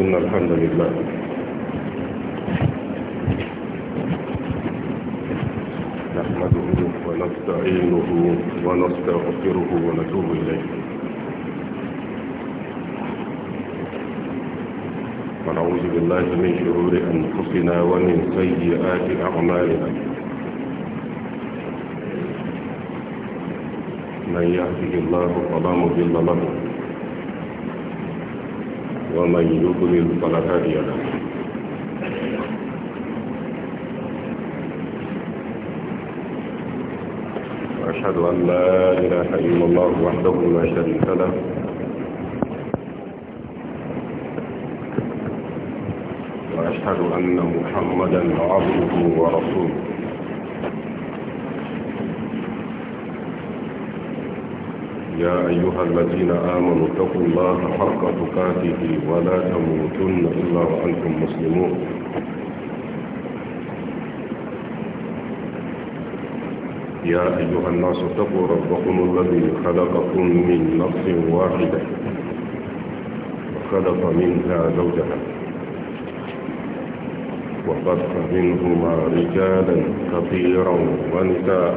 إن الحمد لله نحمده ونستعينه ونستغفره ونتوب إليه ونعوذ بالله من شرور أنفسنا ومن سيئات أعمالنا من يهده الله فلا مضل له ومن يضلل فلا هادي له وأشهد أن لا إله إلا الله وحده لا شريك له وأشهد أن محمدا عبده ورسوله يا أيها الذين آمنوا اتقوا الله حق تقاته ولا تموتن إلا وأنتم مسلمون يا أيها الناس اتقوا ربكم الذي خلقكم من نفس واحدة وخلق منها زوجها وخلق منهما رجالا كثيرا ونساء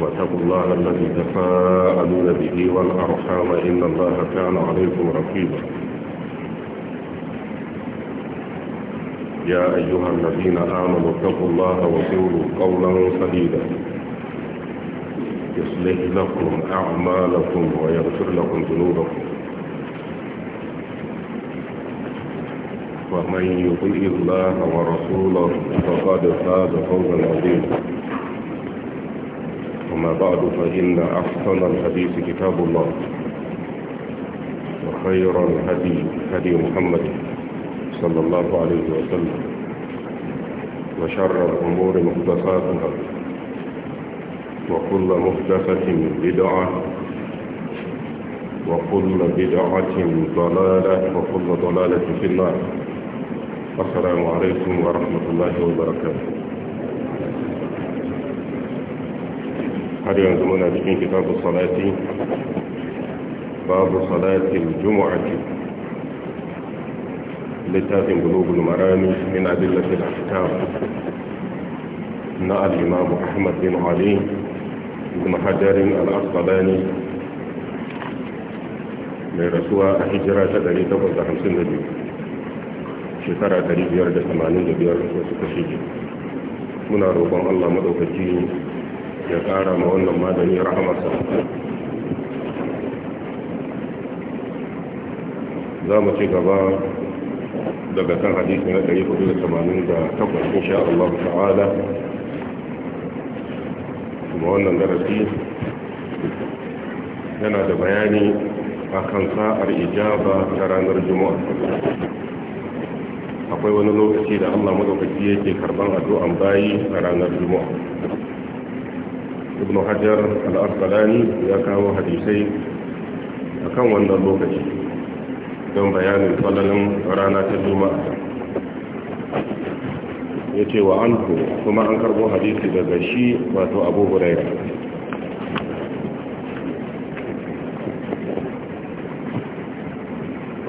واتقوا الله الذي تفاءلون به والأرحام إن الله كان عليكم رقيبا يا أيها الذين آمنوا اتقوا الله وقولوا قولا سديدا يصلح لكم أعمالكم ويغفر لكم ذنوبكم ومن يطيع الله ورسوله فقد فاز فوزا عظيما أما بعد فإن أحسن الحديث كتاب الله وخير الهدي هدي محمد صلى الله عليه وسلم وشر الأمور محدثاتها وكل محدثة بدعة وكل بدعة ضلالة وكل ضلالة في النار السلام عليكم ورحمة الله وبركاته هل ينزلون لكم كتاب الصلاة باب صلاة الجمعة لتاتم قلوب المراني من أدلة الأحكام نأى الإمام محمد بن علي بن حجر الأصلاني من رسوة حجرة دليل تبرد خمسين دليل شكرا دليل بيارد ثمانين دليل رسوة سكشيجي منا ربما الله مدوكتين ya ƙara ma wannan magani rahamarsa za mu ci gaba daga kan hadisi na 488 insha Allah ta'ala kuma wannan darasi yana da bayani a kan sa'ar ijaba ta ranar juma'a akwai wani lokaci da Allah madaukaki yake karban addu'an bayi a ranar juma'a ibn hajar al ya kawo hadisai akan wannan lokaci don bayanin falalin rana ta juma ya ce wa an kuma an karbo hadisi daga shi wato abu huraira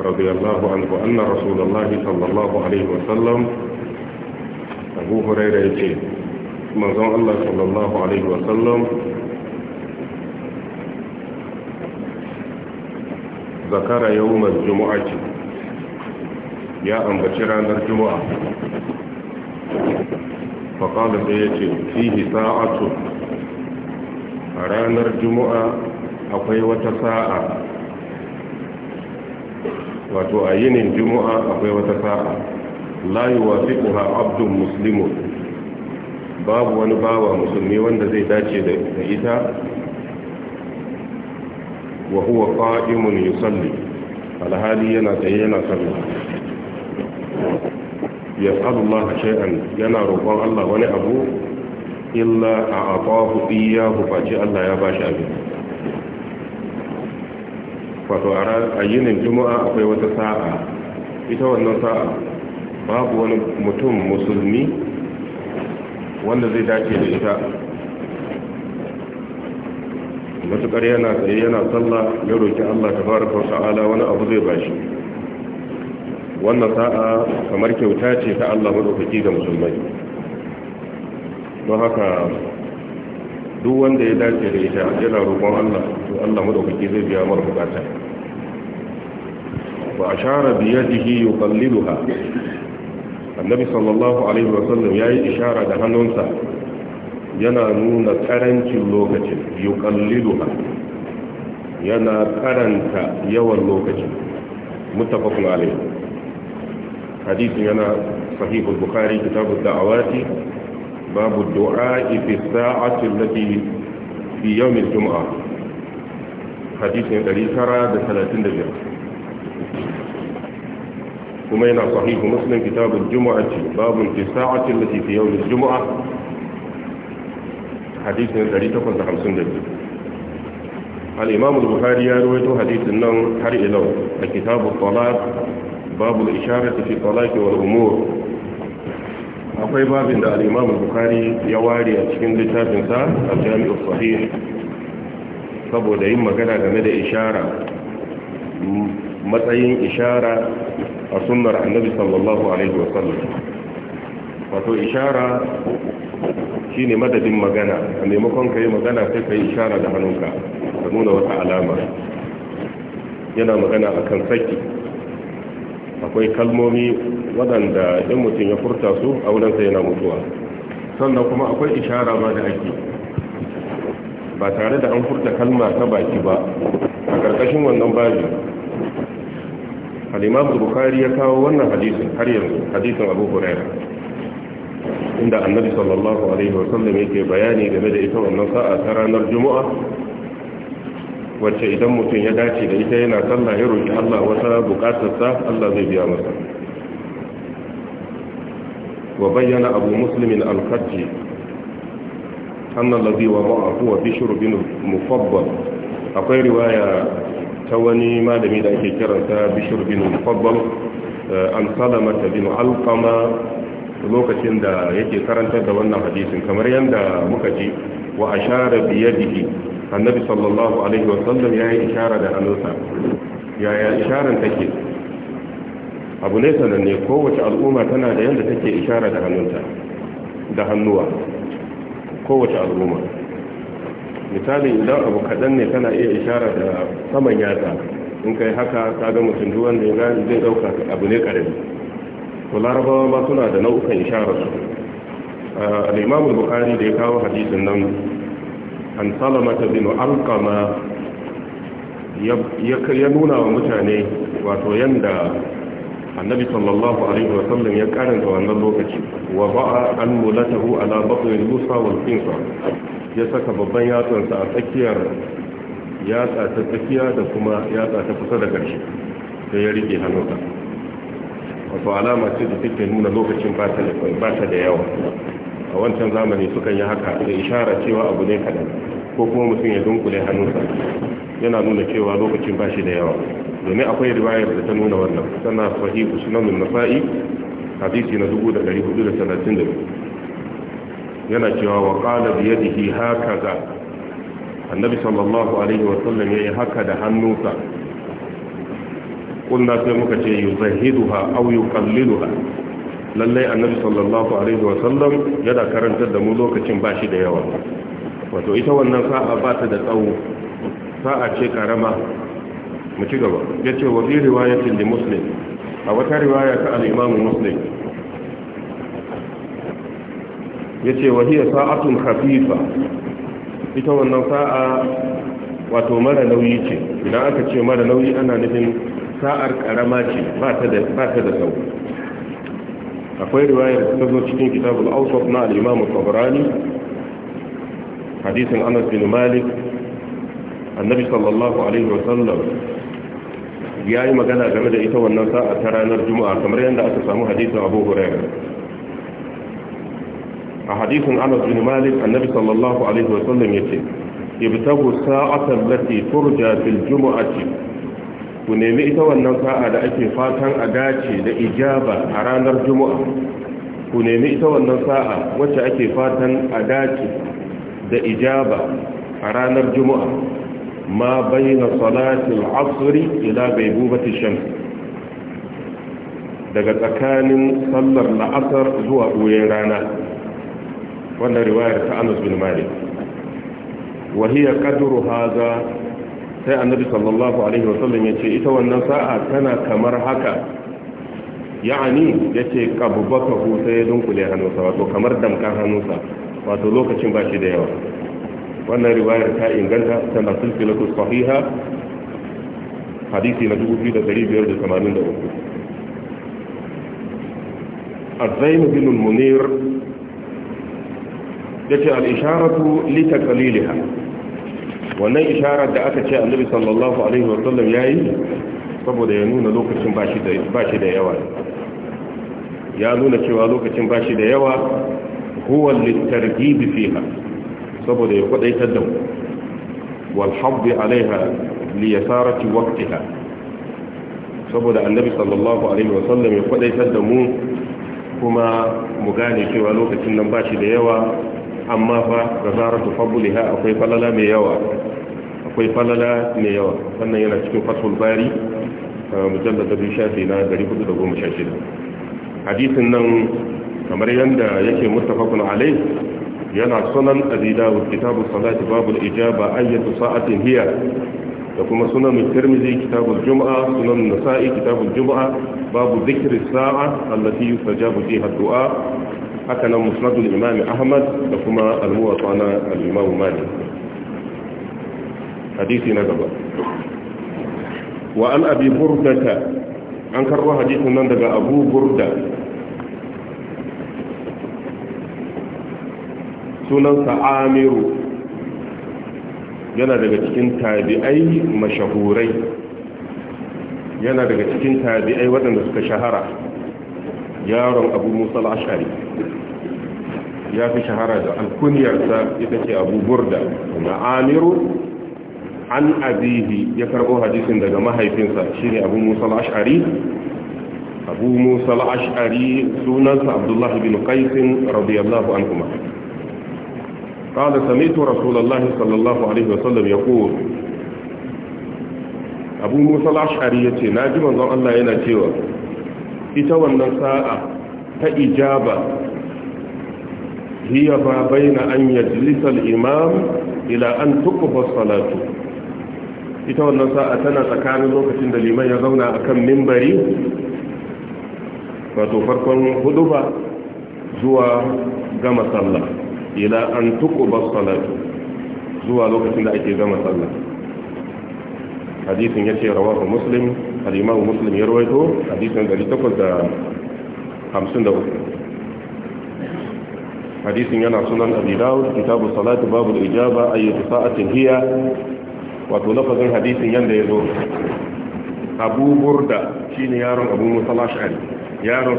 رضي الله عنه أن رسول الله صلى الله عليه وسلم أبو هريرة يقول manzon Allah sallallahu alaihi wasallam zakara yawmal ce? ya ambaci ranar juma'a faƙalar da ya ce fihi sa'atu a ranar juma'a akwai wata sa'a wato a yinin juma'a akwai wata sa'a layuwa fi ƙuha abdun muslimun babu wani bawa musulmi wanda zai dace da ita wa huwa qa'imun yusalli alhali yana tsaye yana sallah yas'alu Allah shay'an yana roƙon Allah wani abu illa ya iyyahu fa Allah ya bashi abin wato a yinin juma'a akwai wata sa'a ita wannan sa'a babu wani mutum musulmi wanda zai dace da ita matukar yana tsaye yana sallah ya roƙi Allah fara wa ta'ala wani abu zai shi. wannan sa'a kamar kyauta ce ta Allah madaukaki ga musulmai don haka duk wanda ya dace da ita yana roƙon Allah to Allah madaukaki zai biya mara bukata wa ashara bi yadihi yuqalliluha annabi sallallahu alaihi wasallam ya yi ishara da hannunsa yana nuna karancin lokacin yuqalliluha yana karanta yawan lokacin muttafaqun alaihi hadisin yana sahih al-bukhari kitab ad-da'awati babu du'a fi sa'ati allati fi yawm al-jum'ah hadisin 935 kuma yana sahihu muslim kitabul jumu'ati babun fi sa'ati allati fi yawm al-jumu'ah hadisin 852 al-imam al-bukhari ya rawaito hadisin nan har ila a kitabut talaq babul isharati fi talaq wal umur akwai babin da al-imam al-bukhari ya ware a cikin littafin sa al-jami' sahih saboda yin magana game da ishara matsayin ishara a sunnar annabi sallallahu alaihi wasallam wato ishara shine madadin magana a maimakon ka yi magana sai ka yi ishara da hannunka ka nuna wata alama yana magana a kan saki akwai kalmomi waɗanda in mutum ya furta su a wurinsa yana mutuwa sannan kuma akwai ishara ma da ake ba tare da an furta kalma ta baki ba a ƙarƙashin wannan babin. al-imam bukhari ya kawo wannan hadisin har yanzu hadisin abu huraira inda annabi sallallahu alaihi wasallam yake bayani game da ita wannan sa'a ta ranar juma'a wacce idan mutum ya dace da ita yana sallah ya roki Allah wata sa Allah zai biya masa wa bayyana abu muslimin al-khaji anna allazi wa ma'ahu wa bishr bin mufaddal akwai riwaya ta wani malami da ake kiranta bishir bin mufabbal eh, an ta bin alkama lokacin da yake karantar da wannan hadisin kamar yadda muka ji wa ashara biyadihi annabi sallallahu alaihi wasallam ya yi ishara da hannunsa yaya isharar take abu ne sananne kowace al'umma tana da yadda take ishara da hannunta da hannuwa kowace al'umma misali idan abu kaɗan ne tana iya ishara da saman yatsa in kai haka ka ga mutum duk wanda ya gani zai ɗauka abu ne ƙarami to larabawa ma suna da nau'ukan ishara su al'imamul bukari da ya kawo hadisin nan an salamata bin alkama ya nuna wa mutane wato yanda annabi sallallahu alaihi wa sallam ya karanta wannan lokaci wa ba'a an mulatahu ala batn al-musa wal qinsa ya saka babban yatsansa a tsakiyar yatsa ta tsakiya da kuma yatsa ta kusa da ƙarshe da ya rike hannunsa wato alama ce da take nuna lokacin ba ta da yawa a wancan zamani sukan yi haka da ishara cewa abu ne kadan ko kuma mutum ya dunkule hannunsa yana nuna cewa lokacin ba shi da yawa domin akwai riwayar da ta nuna wannan tana sahihu sunan nasa'i hadisi na yana cewa wa qala yi haka ga? annabi sallallahu alaihi wasallam ya yi haka da hannunsa kunna sai muka ce yi ha yuzahiduha aw yuqalliluha lallai annabi sallallahu alaihi wasallam sallam yana karantar da mu lokacin bashi da yawa wato ita wannan sa'a ba ta da tsawo sa'a ce karama mu ci gaba Ya ce wa bi riwayatin li muslim a wata riwaya ta al-imam muslim yace wa hiya sa'atun khafifa ita wannan sa'a wato mara nauyi ce idan aka ce mara nauyi ana nufin sa'ar karama ce ba ta da sau akwai riwayar ta zo cikin kitabul awsat na al tabarani hadisin Anas bin Malik annabi sallallahu alaihi wa sallam yayi magana game da ita wannan sa'a ta ranar juma'a kamar yadda aka samu hadisin Abu Hurairah a hadisin anas bin malik annabi sallallahu alaihi wa sallam yace ibtagu sa'atan lati turja fil jumu'ati ku nemi ita wannan sa'a da ake fatan a dace da ijaba a ranar juma'a ku nemi ita wannan sa'a wacce ake fatan a dace da ijaba a ranar juma'a ma bayyana salatin asri ila baybubati shan. daga tsakanin sallar la'asar zuwa ɓoyen rana wannan riwayar ta Anas bin Malik wa hiya qadru hadha sai annabi sallallahu alaihi wasallam ce ita wannan sa'a tana kamar haka ya'ani ce qabbathu sai ya dunkule hannunsa wato kamar damkan hannunsa wato lokacin ba shi da yawa wannan riwayar ta inganta tana silsilatu sahiha hadisi na 2583 الزين بن المنير yace al-isharatu li taqliliha wannan isharar da aka ce annabi sallallahu alaihi wasallam yayi saboda ya nuna lokacin bashi da yawa ya nuna cewa lokacin bashi da yawa huwan litarghib fiha saboda ya kwadaitar da mu wal hadd alaiha li yasarati waqtiha saboda annabi sallallahu alaihi wasallam ya kwadaitar da mu kuma mu gane cewa lokacin nan bashi da yawa amma fa da zarar tufabbuliha akwai falala mai yawa akwai falala mai yawa wannan yana cikin fasul bari mujallar da biyu shafi na 416 hadisin nan kamar yadda yake mustafakun alai yana sunan azidawu kitabu salati babu ijaba ayyatu sa'atin hiya da kuma sunan tirmizi kitabul juma'a sunan nasa'i kitabul juma'a babu zikirin sa'a allati yustajabu fiha du'a haka nan musnadul imami ahmad da kuma almuwatsa na al-imam malik hadisi na gaba wa an abi burdata an karbo hadisin nan daga abu burda sunansa amiru yana daga cikin tabi'ai mashahurai yana daga cikin tabi'ai waɗanda suka shahara yaron abu musa al'ashari ya fi shahara da alkuniyarsa ita ce abu burda na amiru an abihi ya karbo hadisin daga mahaifinsa shine abu musa al'ashari abu musa al'ashari sunansa abdullahi bin qaisin radiyallahu anhuma قال سمعت رسول الله صلى الله عليه وسلم يقول أبو موسى الأشعري يتي ناجم الله أن لا ينجيوه ita wannan sa'a ta ijaba hiya ba baina an yajlisa imam ila an tuqfa salatu ita wannan sa'a tana tsakanin lokacin da liman ya zauna akan mimbari wato farkon ba zuwa gama sallah ila an tuqba salatu zuwa lokacin da ake gama sallah hadisin ce rawahu muslim al muslim ya rawaito 853 hadisin yana sunan abi kitabu salatu babu ijaba ayyatu sa'atin hiya wato lafazin hadisin yanda ya zo abu burda yaron abu yaron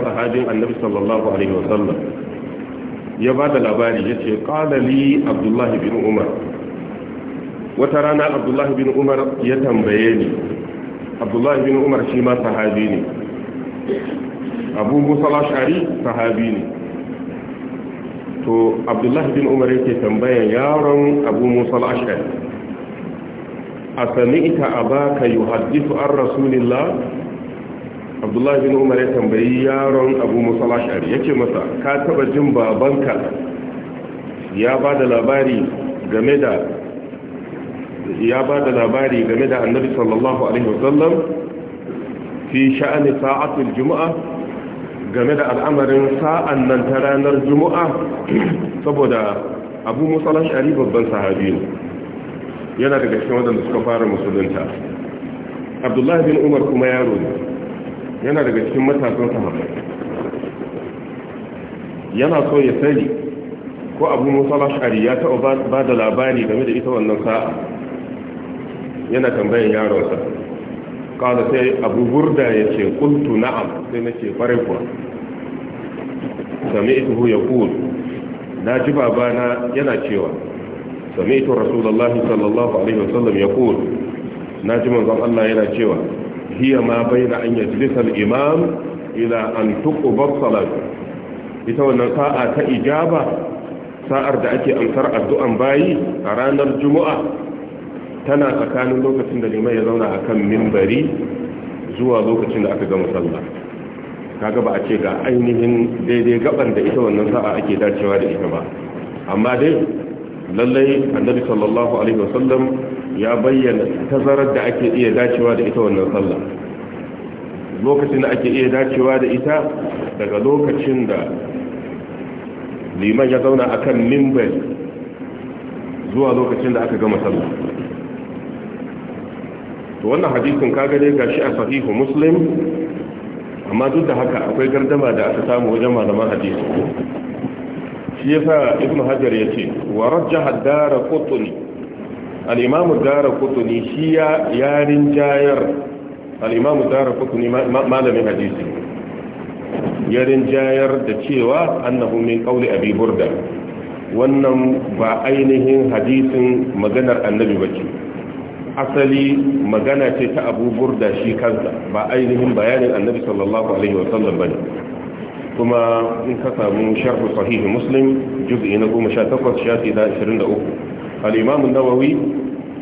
annabi sallallahu alaihi wasallam ya ba da labari ya ce ƙalali abdullahi bin umar wata rana abdullahi bin umar ya tambaye ni abdullahi bin umar shi ma sahabi ne abu musa lashari sahabi ne to abdullahi bin umar yake tambayan yaron abu musa lashari a sami ita a ba ka yi hadisu an rasulillah abdullahi bin umar ya tambayi yaron abu musa lashari yake masa ka taba jin babanka ya ba da labari game da ya ba da labari game da annabi sallallahu alaihi wasallam fi sha'ani sa'atul juma'a game da al'amarin sa'an nan ta ranar juma'a saboda abu musalar shari babban sahabi ne yana daga cikin wadanda suka fara musulunta abdullahi bin umar kuma yaro ne yana daga cikin matasan sahabai yana so ya sani ko abu musalar shari ya taɓa ba da labari game da ita wannan sa'a yana tambayan yaronsa kawai sai abu burda ya ce kuntu na'am sai na ce kwarai kuwa sami ituhu ya kuwa na ji babana yana cewa sami ito rasulallahi sallallahu alaihi wasallam ya kuwa na ji manzon Allah yana cewa hiya ma bai da an yajlisa imam ila an tuqbal salatu ita wannan sa'a ta ijaba sa'ar da ake amsar addu'an bayi a ranar juma'a tana tsakanin lokacin da limai ya zauna a kan mimbari zuwa lokacin da aka gama sallah kaga ba a ce ga ainihin daidai gaban da ita wannan sa'a ake dacewa da ita ba amma dai lallai annabi sallallahu alaihi wasallam ya bayyana tazarar da ake iya dacewa da ita wannan sallah lokacin da ake iya dacewa da ita daga lokacin da liman ya zauna akan mimbari zuwa lokacin da aka gama sallah to wannan hadisin kaga dai gashi a sahihu muslim amma duk da haka akwai gardama da aka samu wajen malaman hadisi shi yasa ibnu hajar yace wa rajjaha dara qutni al-imam dara qutni shi ya yarin jayar al-imam dara qutni malamin hadisi yarin jayar da cewa annahu min qawli abi burda wannan ba ainihin hadisin maganar annabi bace asali magana ce ta abu da shi kansa ba ainihin bayanin annabi sallallahu alaihi wa wasallam bane kuma in ka samu sharh sahih muslim juz'i na 18 shafi da 23 al-imam an-nawawi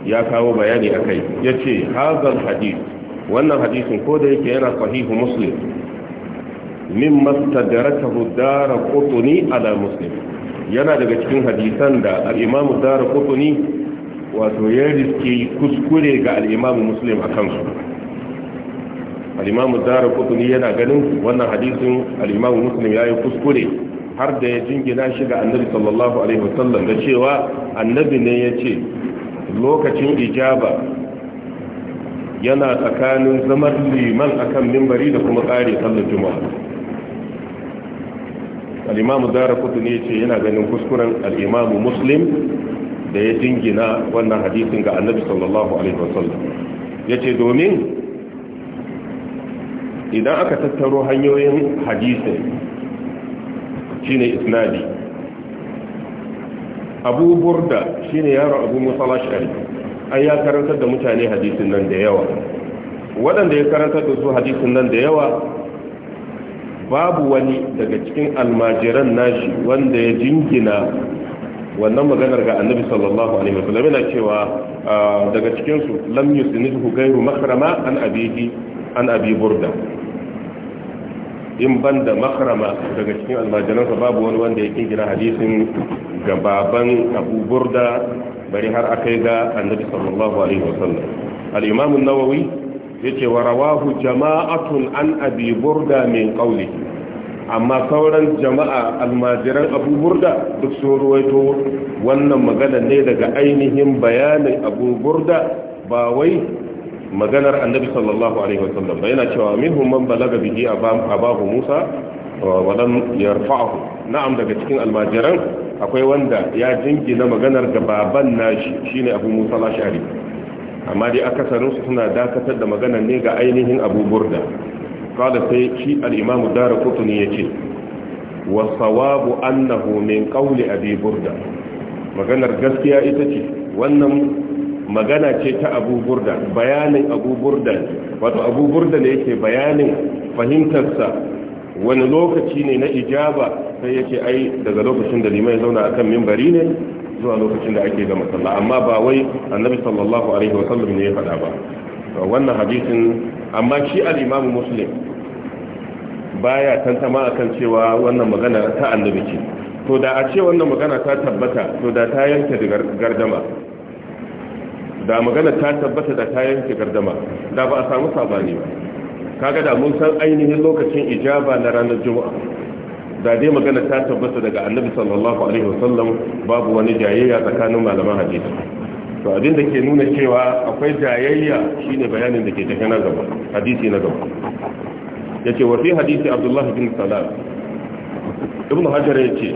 ya kawo bayani akai yace hazal hadith wannan hadisin ko da yake yana sahih muslim mimma tadarakahu dar qutni ala muslim yana daga cikin hadisan da al-imam dar qutni wato ya riske kuskure ga al'imamu muslim a kansu al'imamu zara kutuni yana ganin wannan hadisin al'imamu muslim ya yi kuskure har da ya jingina shi ga annabi sallallahu alaihi wasallam da cewa annabi ne ya ce lokacin ijaba yana tsakanin zama liman akan mimbari da kuma ƙari sallar juma'a al'imamu zara kutuni ya ce yana ganin kuskuren al'imamu muslim da ya jingina wannan hadisin ga annabi sallallahu alaihi wasallam ce domin idan aka tattaro hanyoyin hadisin shine isnadi abu burda shine yaro abu musa lashari an ya karantar da mutane hadisin nan da yawa waɗanda ya karantar da su hadisin nan da yawa babu wani daga cikin almajiran nashi wanda ya jingina wannan maganar ga annabi sallallahu alaihi wasallam yana cewa ah, daga cikin su lam yusnihu ghayru makrama an abihi an abi burda in banda makrama daga cikin almajiransa babu wani wanda ya kingina hadisin ga baban abu burda bari har akai ga annabi sallallahu alaihi wasallam al-imam an-nawawi yace wa rawahu jama'atun an abi burda min qawlihi amma sauran jama'a almajiran abu burda duk sun ruwaito wannan magana ne daga ainihin bayanin abu burda ba wai maganar annabi sallallahu alaihi wasallam ba yana cewa minhum man balaga bihi abahu musa wa lam yarfa'hu na'am daga cikin almajiran akwai wanda ya jingina maganar ga baban nashi shine abu musa lashari amma dai akasarin suna dakatar da maganar ne ga ainihin abu burda kala sai shi al'imamu dara kutuni ya ce wa sawabu annahu min ƙauli abi burda maganar gaskiya ita ce wannan magana ce ta abu burda bayanin abu burda wato abu burda ne yake bayanin fahimtarsa wani lokaci ne na ijaba sai ce ai daga lokacin da liman ya zauna akan mimbari ne zuwa lokacin da ake gama sallah amma ba wai annabi sallallahu alaihi wasallam ne ya faɗa ba wannan hadisin amma shi al'imamu imamu muslim baya tantama a kan cewa wannan magana ta annabi ce to da a ce wannan magana ta tabbata to da ta yanke gardama da magana ta tabbata da ta yanke gardama da ba a samu sabani ba kaga da mun san ainihin lokacin ijaba na ranar juma'a da dai magana ta tabbata daga annabi sallallahu alaihi wasallam babu wani jayayya tsakanin malaman hadisi to abin da ke nuna cewa akwai jayayya shine bayanin da ke tafi na gaba hadisi na gaba ya wa fi hadisi abdullahi bin salam ibn ya ce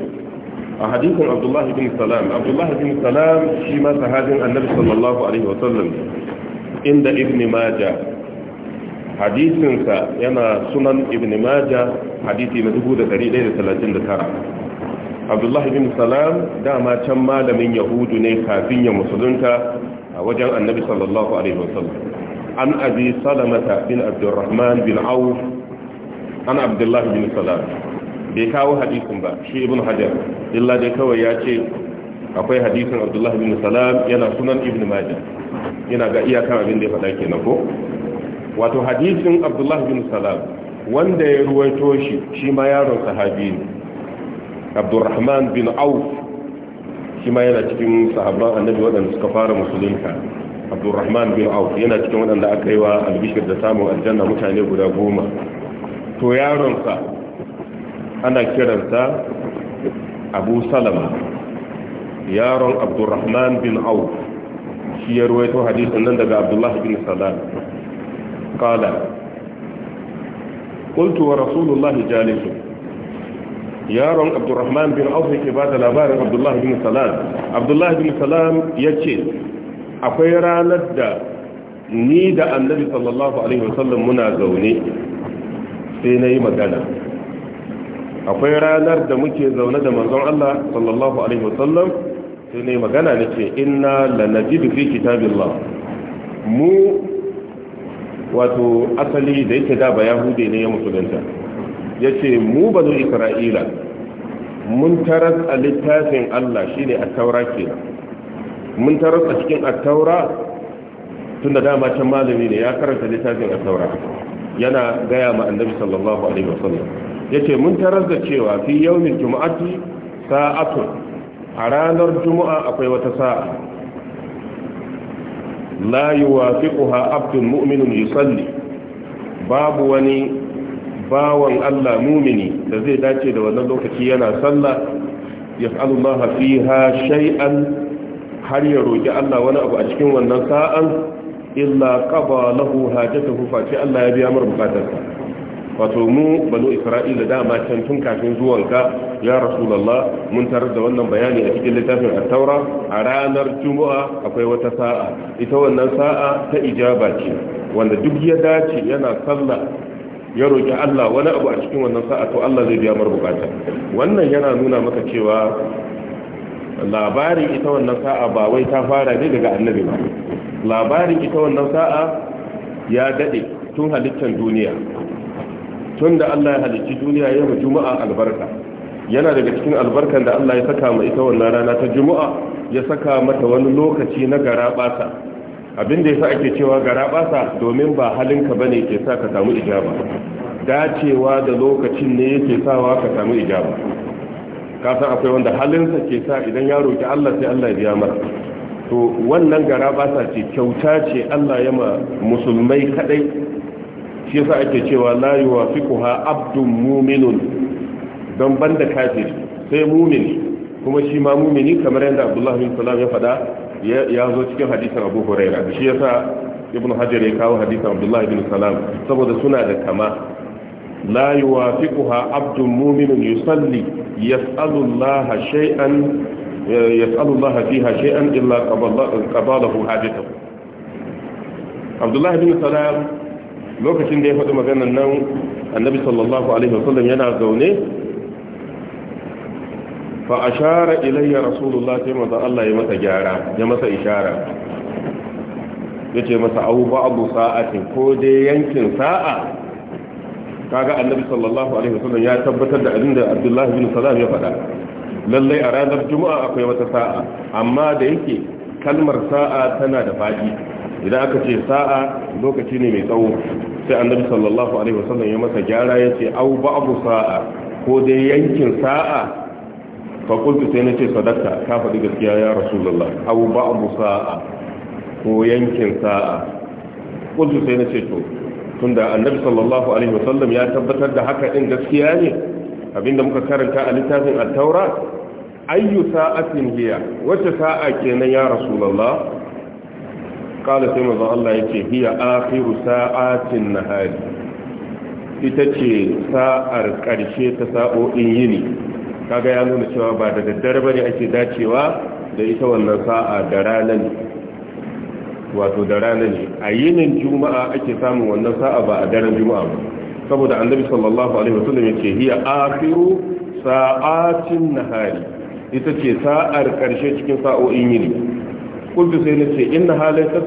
a hadisin abdullahi bin salam abdullahi bin salam shi ma sahabin annabi sallallahu alaihi wasallam inda ibn maja hadisinsa yana sunan ibn maja hadisi na 1139 abdullahi bin salam dama can malamin yahudu ne kafin ya musulunta a wajen annabi sallallahu alaihi wasallam an abi salamata bin abdurrahman bin auf an abdullahi bin salam bai kawo hadisin ba shi ibn hajar illa dai kawai ya ce akwai hadisin abdullahi bin salam yana sunan ibn majah yana ga iyakan abin da ya faɗa kenan ko wato hadisin abdullahi bin salam wanda ya ruwaito shi shi ma yaron sahabi ne abdurrahman bin auf shi ma yana cikin sahabban annabi waɗanda suka fara musulunta abdurrahman bin auf yana cikin waɗanda aka yi wa albishir da samun aljanna mutane guda goma to yaronsa ana kiransa abu salama yaron abdurrahman bin auf shi ya ruwaito nan daga abdullahi bin salam kala قلت ورسول الله yaron abdurrahman bin auf yake ba da labarin abdullahi bin salam abdullahi bin salam ya ce akwai ranar da ni da annabi sallallahu alaihi wasallam muna zaune sai na yi magana akwai ranar da muke zaune da manzon Allah sallallahu alaihi wasallam sai na yi magana na ce inna lanajidu fi kitabillah mu wato asali da yake da ba yahude ne ya musulunta yace mu banu isra'ila mun taras a littafin Allah shine a taura kenan mun taras a cikin a taura tun da dama can malami ne ya karanta littafin a taura yana gaya ma annabi sallallahu alaihi wasallam yace mun taras da cewa fi yawmin jumu'ati sa'atun a ranar juma'a akwai wata sa'a la yuwafiquha abdun mu'minun yusalli babu wani bawan Allah mumini da zai dace da wannan lokaci yana sallah yas'alullaha fiha shay'an har ya roki Allah wani abu a cikin wannan sa'an illa qaba lahu hajatahu fa ce Allah ya biya mar bukatarsa wato mu banu isra'ila dama can tun kafin zuwanka ya rasulullah mun tarar da wannan bayani a cikin littafin at-taura a ranar juma'a akwai wata sa'a ita wannan sa'a ta ijaba ce wanda duk ya dace yana sallah ya roƙi Allah wani abu a cikin wannan sa'a to Allah zai biya mara bukata wannan yana nuna maka cewa labarin ita wannan sa'a ba wai ta fara ne daga annabi ba labarin ita wannan sa'a ya dade tun halittar duniya tun da Allah ya halicci duniya ya juma'a albarka yana daga cikin albarkan da Allah ya saka ma ita wannan rana ta juma'a ya saka mata wani lokaci na garaɓasa. abin da ya ake cewa gara basa domin ba halinka bane ke sa ka samu ijaba dacewa da lokacin ne yake sawa ka samu ijaba ka san akwai wanda halinsa ke sa idan ya roki Allah sai Allah ya biya masa to wannan gara basa ce kyauta ce Allah ya ma musulmai kadai shi yasa ake cewa la yuwafiquha abdun mu'minun don banda kafiri sai mumini kuma shi ma mumini kamar yadda Abdullah bin Salam ya faɗa ya zo cikin hadisan abu huraira shi yasa ibnu hajar ya kawo hadisan abdullahi bin salam saboda suna da kama la yuwafiquha abdun mu'minun yusalli yas'alu Allah shay'an yas'alu Allah fiha shay'an illa qabalahu hajatahu abdullahi bin salam lokacin da ya faɗi maganar nan annabi sallallahu alaihi wasallam yana zaune fa a ashara ilayya rasulullah sai manzo Allah ya masa gyara ya masa ishara yace masa abu ba'du sa'atin ko dai yankin sa'a kaga annabi sallallahu alaihi wasallam ya tabbatar da abin abinda Abdullah bin Salam ya faɗa lalle a ranar juma'a akwai wata sa'a amma da yake kalmar sa'a tana da faɗi idan aka ce sa'a lokaci ne mai tsawo sai annabi sallallahu alaihi wasallam ya masa gyara yace au ba'du sa'a ko dai yankin sa'a faƙultu sai na ce sadaka ka faɗi gaskiya ya rasulullah abu ba abu sa'a ko yankin sa'a ƙultu sai na ce to tun da annabi sallallahu alaihi wasallam ya tabbatar da haka ɗin gaskiya ne abinda muka karanta a littafin attaura ayyu sa'atin hiya wacce sa'a kenan ya rasulullah قال سيما الله يتي هي آخر ساعات Ita ce sa'ar ƙarshe ta sa'o'in yini kaga ya nuna cewa ba da daddare bane ake dacewa da ita wannan sa'a da rana ne wato da rana ne a yinin juma'a ake samun wannan sa'a ba a daren juma'a ba saboda annabi sallallahu alaihi wasallam ce hiya akhiru sa'atin nahari ita ce sa'ar karshe cikin sa'o'in yini kullu sai ce inna sa'at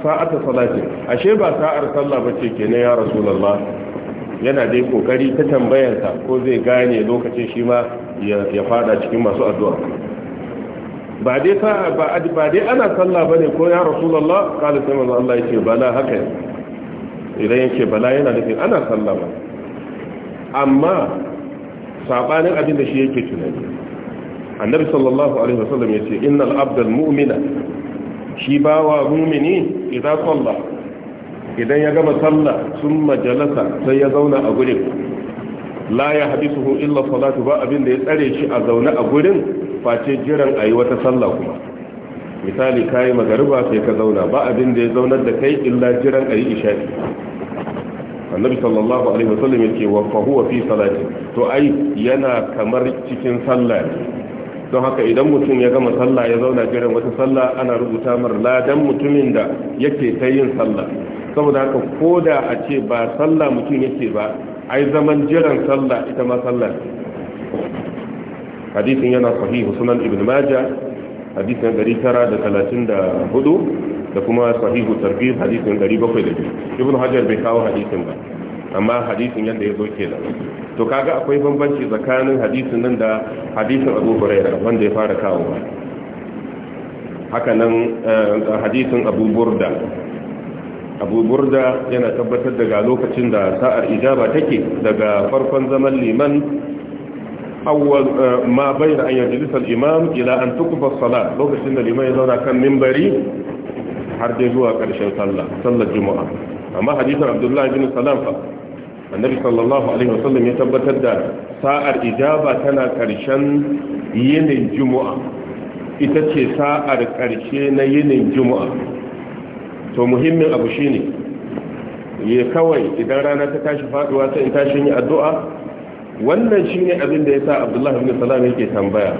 sa'at salati ashe ba sa'ar sallah bace kenan ya rasulullah yana dai kokari ta tambayarsa ko zai gane lokacin shi ma ya fada cikin masu addu'a ba dai sa ba dai ana sallah bane ko ya rasulullah qala sai manzo Allah yake bala haka idan yake bala yana nufin ana sallah ba amma sabanin abin da shi yake tunani annabi sallallahu alaihi wasallam yace innal abdal mu'mina shi bawa mu'mini idan sallah idan ya gama sallah sun majalasa sai ya zauna a gurin la ya hadisuhu illa salatu ba abin da ya tsare shi a zaune a gurin face jiran a yi wata sallah kuma misali ka yi magariba sai ka zauna ba abin da ya zaunar da kai illa jiran a yi isha'i annabi sallallahu alaihi wasallam yake wa fa huwa fi salati to ai yana kamar cikin sallah don haka idan mutum ya gama sallah ya zauna jiran wata sallah ana rubuta mar ladan mutumin da yake ta yin sallah saboda haka ko da a ce ba sallah mutum yake ba ai zaman jiran sallah ita ma sallah hadisin yana sahihu sunan ibn maja hadisin 934 da kuma sahihu tarbiyyar hadisin 702 ibn hajar bai kawo hadisin ba amma hadisin yadda ya zo da to kaga akwai bambanci tsakanin hadisin nan da hadisin abu huraira wanda ya fara kawo ba hakanan eh, hadisin abu burda abu burda yana tabbatar daga lokacin da sa'ar ijaba take daga farkon zaman liman awwal eh, ma bayna an yanzu, al-imam ila an tukufa as lokacin da liman ya zauna kan mimbari. har dai zuwa ƙarshen sallah sallar juma'a amma hadisin abdullahi bin salam fa annabi sallallahu alaihi wasallam ya tabbatar da sa'ar ijaba tana ƙarshen yinin juma'a ita ce sa'ar ƙarshe na yinin juma'a to muhimmin abu shine ya kawai idan rana ta tashi faduwa sai in tashi yin addu'a wannan shine abin da yasa Abdullahi ibn Salam yake tambaya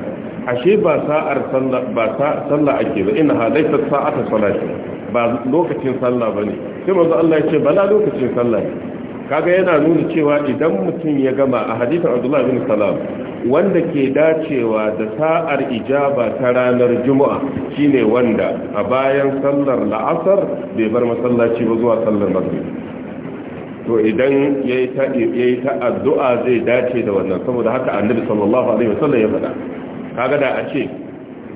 ashe ba sa'ar sallah ba sallah ake ba inna halaysa sa'ata salati ba lokacin sallah bane sai manzo Allah ya ce bala lokacin sallah kaga yana nuna cewa idan mutum ya gama a hadisin abdullahi bin salam wanda ke dacewa da sa'ar ijaba ta ranar juma'a shine wanda a bayan sallar la'asar bai bar masallaci ba zuwa sallar maghrib to idan yayi ta yayi ta addu'a zai dace da wannan saboda haka annabi sallallahu alaihi wasallam ya faɗa kaga da a ce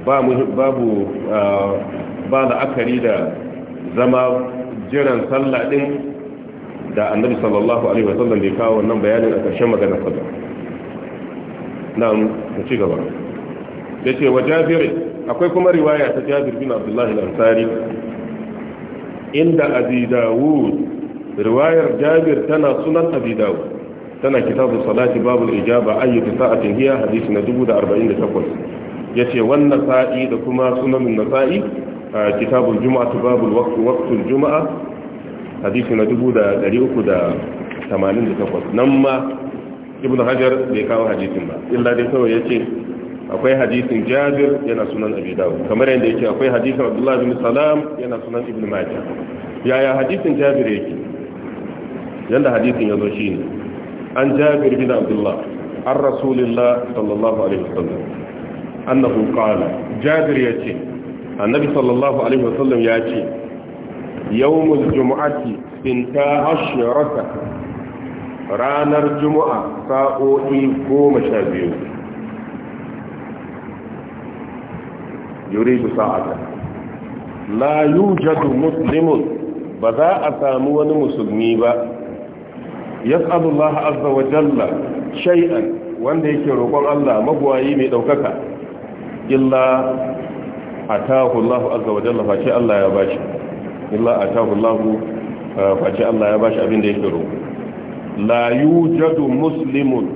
ba babu ah, ba la'akari da zama jiran sallah din da annabi sallallahu alaihi wasallam bai kawo wannan bayanin a ƙarshen maganar sa na mu ci gaba ce wa jabir akwai kuma riwaya ta jabir bin abdullahi al-ansari inda abi dawud riwayar jabir tana sunan abi dawud tana kitabu salati babu ijaba ayyuka sa'atin hiya hadisi na 1048 yace wannan sa'i da kuma sunan nasa'i kitabul jumu'atu babul waqti waqtul jumu'a hadisi na 388 nan ma ibn hajar bai kawo hadisin ba illa dai kawai ya ce akwai hadisin jabir yana sunan abi dawud kamar yadda ya ce akwai hadisin abdullahi bin salam yana sunan ibn majah yaya hadisin jabir yake yanda hadisin ya zo shi ne an jabir bin Abdullahi an rasulillah sallallahu alaihi wasallam annahu qala jabir ce annabi sallallahu alaihi wasallam ce. يوم الجمعة سنتا عشرة ranar juma'a sa'o'i goma sha biyu yuridu sa'ata la yujadu muslimun ba za a samu wani musulmi ba yas'alu Allah azza wa jalla shay'an wanda yake roƙon Allah magwayi mai ɗaukaka, illa atahu Allah azza wa jalla fa Allah ya bashi illa atahu Allah eh, face Allah ya bashi abin da ya roƙo la jadu muslimun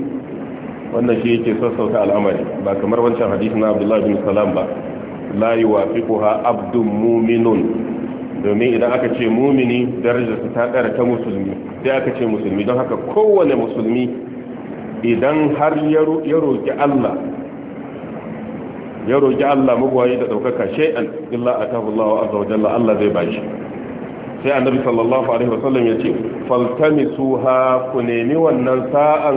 wannan shi yake sassauta al'amari ba kamar wancan hadisi na Abdullah bin Salam ba la yuwafiquha abdun mu'minun domin idan aka ce mumini su ta ƙara ta musulmi sai aka ce musulmi don haka kowane musulmi idan har ya roƙi Allah ya roki Allah mugwaye da daukaka shay'an illa atahu Allah azza wa jalla Allah zai shi sai annabi sallallahu alaihi wasallam ya ce faltamisuha ku nemi wannan sa'an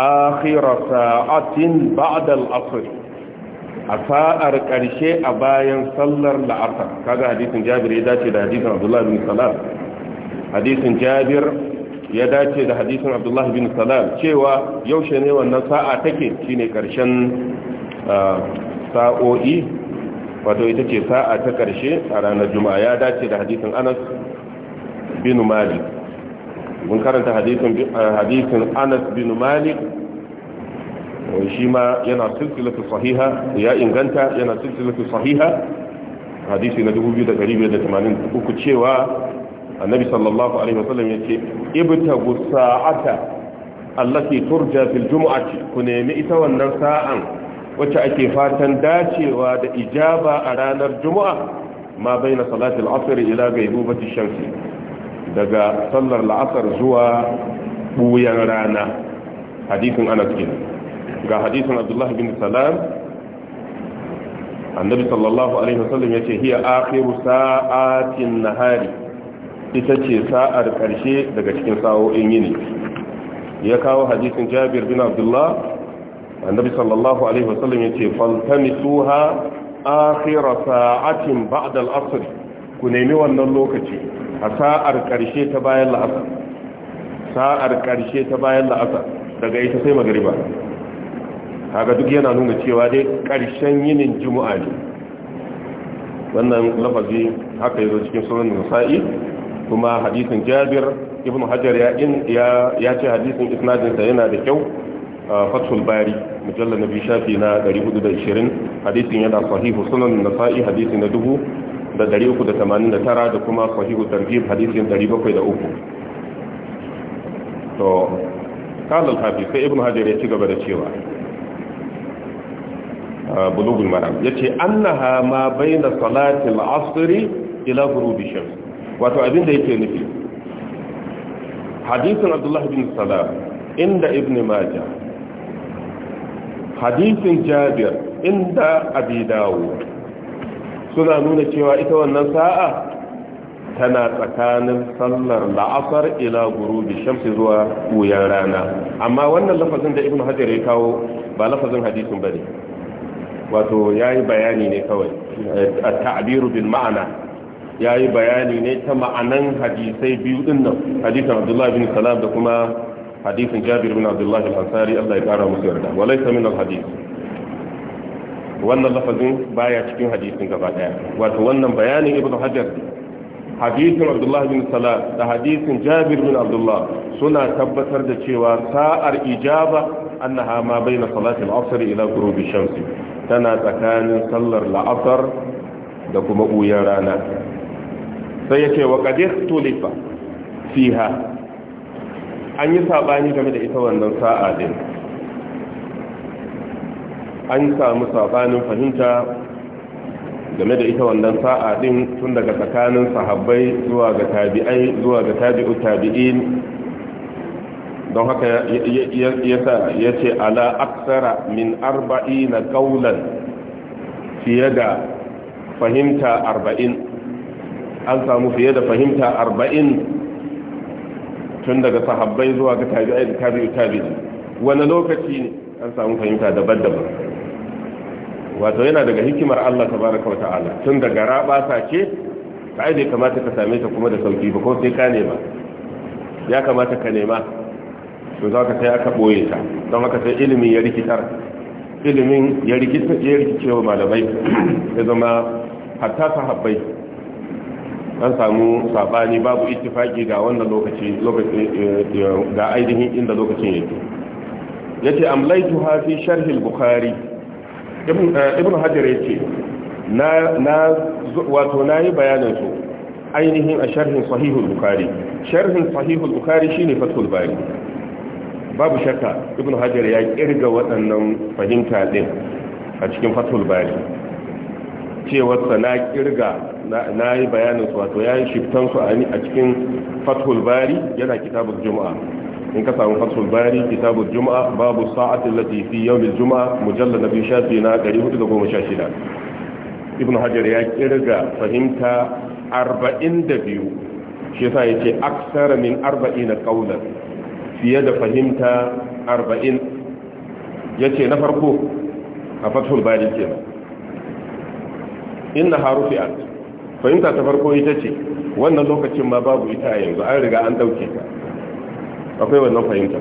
akhira sa'atin ba'da al-asr a sa'ar karshe a bayan sallar la'asar kaga hadisin Jabir ya dace da hadisin abdullahi bin Salam hadisin Jabir ya dace da hadisin abdullahi bin Salam cewa yaushe ne wannan sa'a take shine karshen sa'o'i wato ita ce sa'a ta ƙarshe a ranar juma'a ya dace da hadisin anas bin malik mun karanta hadisin anas bin malik shi ma yana silsilatu sahiha ya inganta yana silsilatu sahiha hadisi na 2583 cewa annabi sallallahu alaihi wasallam yace ibtagu sa'ata allati turja fil jum'ati ku nemi ita wannan sa'an wacce ake fatan dacewa da ijaba a ranar juma'a ma bai na salatul asr ila gairubati shamsi daga sallar la'asar zuwa buyan rana hadisin anas ga hadisin abdullahi bin salam annabi sallallahu alaihi wasallam yace hiya akhiru sa'atin nahari ita ce sa'ar karshe daga cikin sa'o'in yini ya kawo hadisin jabir bin Abdullahi. annabi sallallahu alaihi wasallam yace faltamisuha akhir sa'atin ba'da al-asr ku nemi wannan lokaci a sa'ar karshe ta bayan la'asar sa'ar karshe ta bayan la'asar daga ita sai magriba kaga duk yana nuna cewa dai karshen yinin juma'a ne wannan lafazi haka yazo cikin sunan nasa'i kuma hadisin jabir ibn hajar ya in ya ce hadisin isnadin sa yana da kyau fathul bari mujalla na biyu shafi na 420 hadisin yana sahihu sunan nasa'i hadisi na dubu da 389 da kuma sahihu tarjib hadisin 703 to kalal hafi sai ibn hajar ya ci gaba da cewa ah, bulugul maram yace annaha ma bai salati salatin asr ila ghurubi shams wato abin da yake nufi hadisin Abdullahi bin salam inda ibn majah hadisin jabir inda abi dawo suna nuna cewa ita wannan sa'a tana tsakanin sallar la'asar ila gurubi shamsi zuwa wuyan rana amma wannan lafazin da ibn hajar ya kawo ba lafazin hadisin bane wato yayi bayani ne kawai at-ta'biru bil ma'ana yayi bayani ne ta ma'anan hadisai biyu din nan hadisin Abdullahi bin Salam da kuma hadisin jabir bin abdullah al-ansari Allah ya kara musu yarda min al-hadith wannan lafazin baya cikin hadisin gaba daya wato wannan bayanin ibnu hajar hadisin abdullah bin da hadisin jabir bin abdullah suna tabbatar da cewa sa'ar ijaba annaha ma baina salati al-asr ila ghurubi shamsi tana tsakanin sallar la'asar da kuma ɓuyar rana sai yake wa ƙadir tulifa fiha an yi saɓani game da ita wannan sa'a din an samu sabanin fahimta game da ita wannan sa'a din tun daga tsakanin sahabbai zuwa ga tabi'ai zuwa ga tabi'u tabi'in don haka yasa ya ce ala aksara min arba'i na kaulan fiye da fahimta arba'in an samu fiye da fahimta arba'in tun daga sahabbai zuwa ga tabi'ai da tabi'u tabi'i wani lokaci ne an samu fahimta daban-daban wato yana daga hikimar Allah tabaraka wata'ala tun daga raba sace kai bai kamata ka same ta kuma da sauki ba ko sai ka nema ya kamata ka nema to za ka sai aka boye ta don haka sai ilimin ya rikitar ilimin ya ya rikicewa malamai ya zama hatta sahabbai an samu sabani babu ittifaki ga wannan lokaci lokacin, eh, eh, ga ainihin inda lokacin yake yace amlaitu ha fi sharh al-bukhari ibn eh, ibn hajar yace na na wato nayi bayanin su ainihin a sharhin sahih al-bukhari sharhin sahih al-bukhari shine fathul bari babu shakka ibn hajar ya kirga waɗannan fahimta din a cikin fathul bari cewarsa na kirga na yi bayanin su wato ya yi shiftan su a cikin fathul bari yana kitabul juma'a in ka samu fathul bari kitabul juma'a babu sa'atin latifi yawmin juma'a mujallar na biyu shafi na 416 ibn hajar ya kirga fahimta 42 shi yasa yace aksara min 40 qawlan fiye da fahimta 40 ce na farko a fathul bari kenan inna harufi a fahimta ta farko ita ce wannan lokacin ma babu ita a yanzu an riga an ɗauke ta akwai wannan fahimta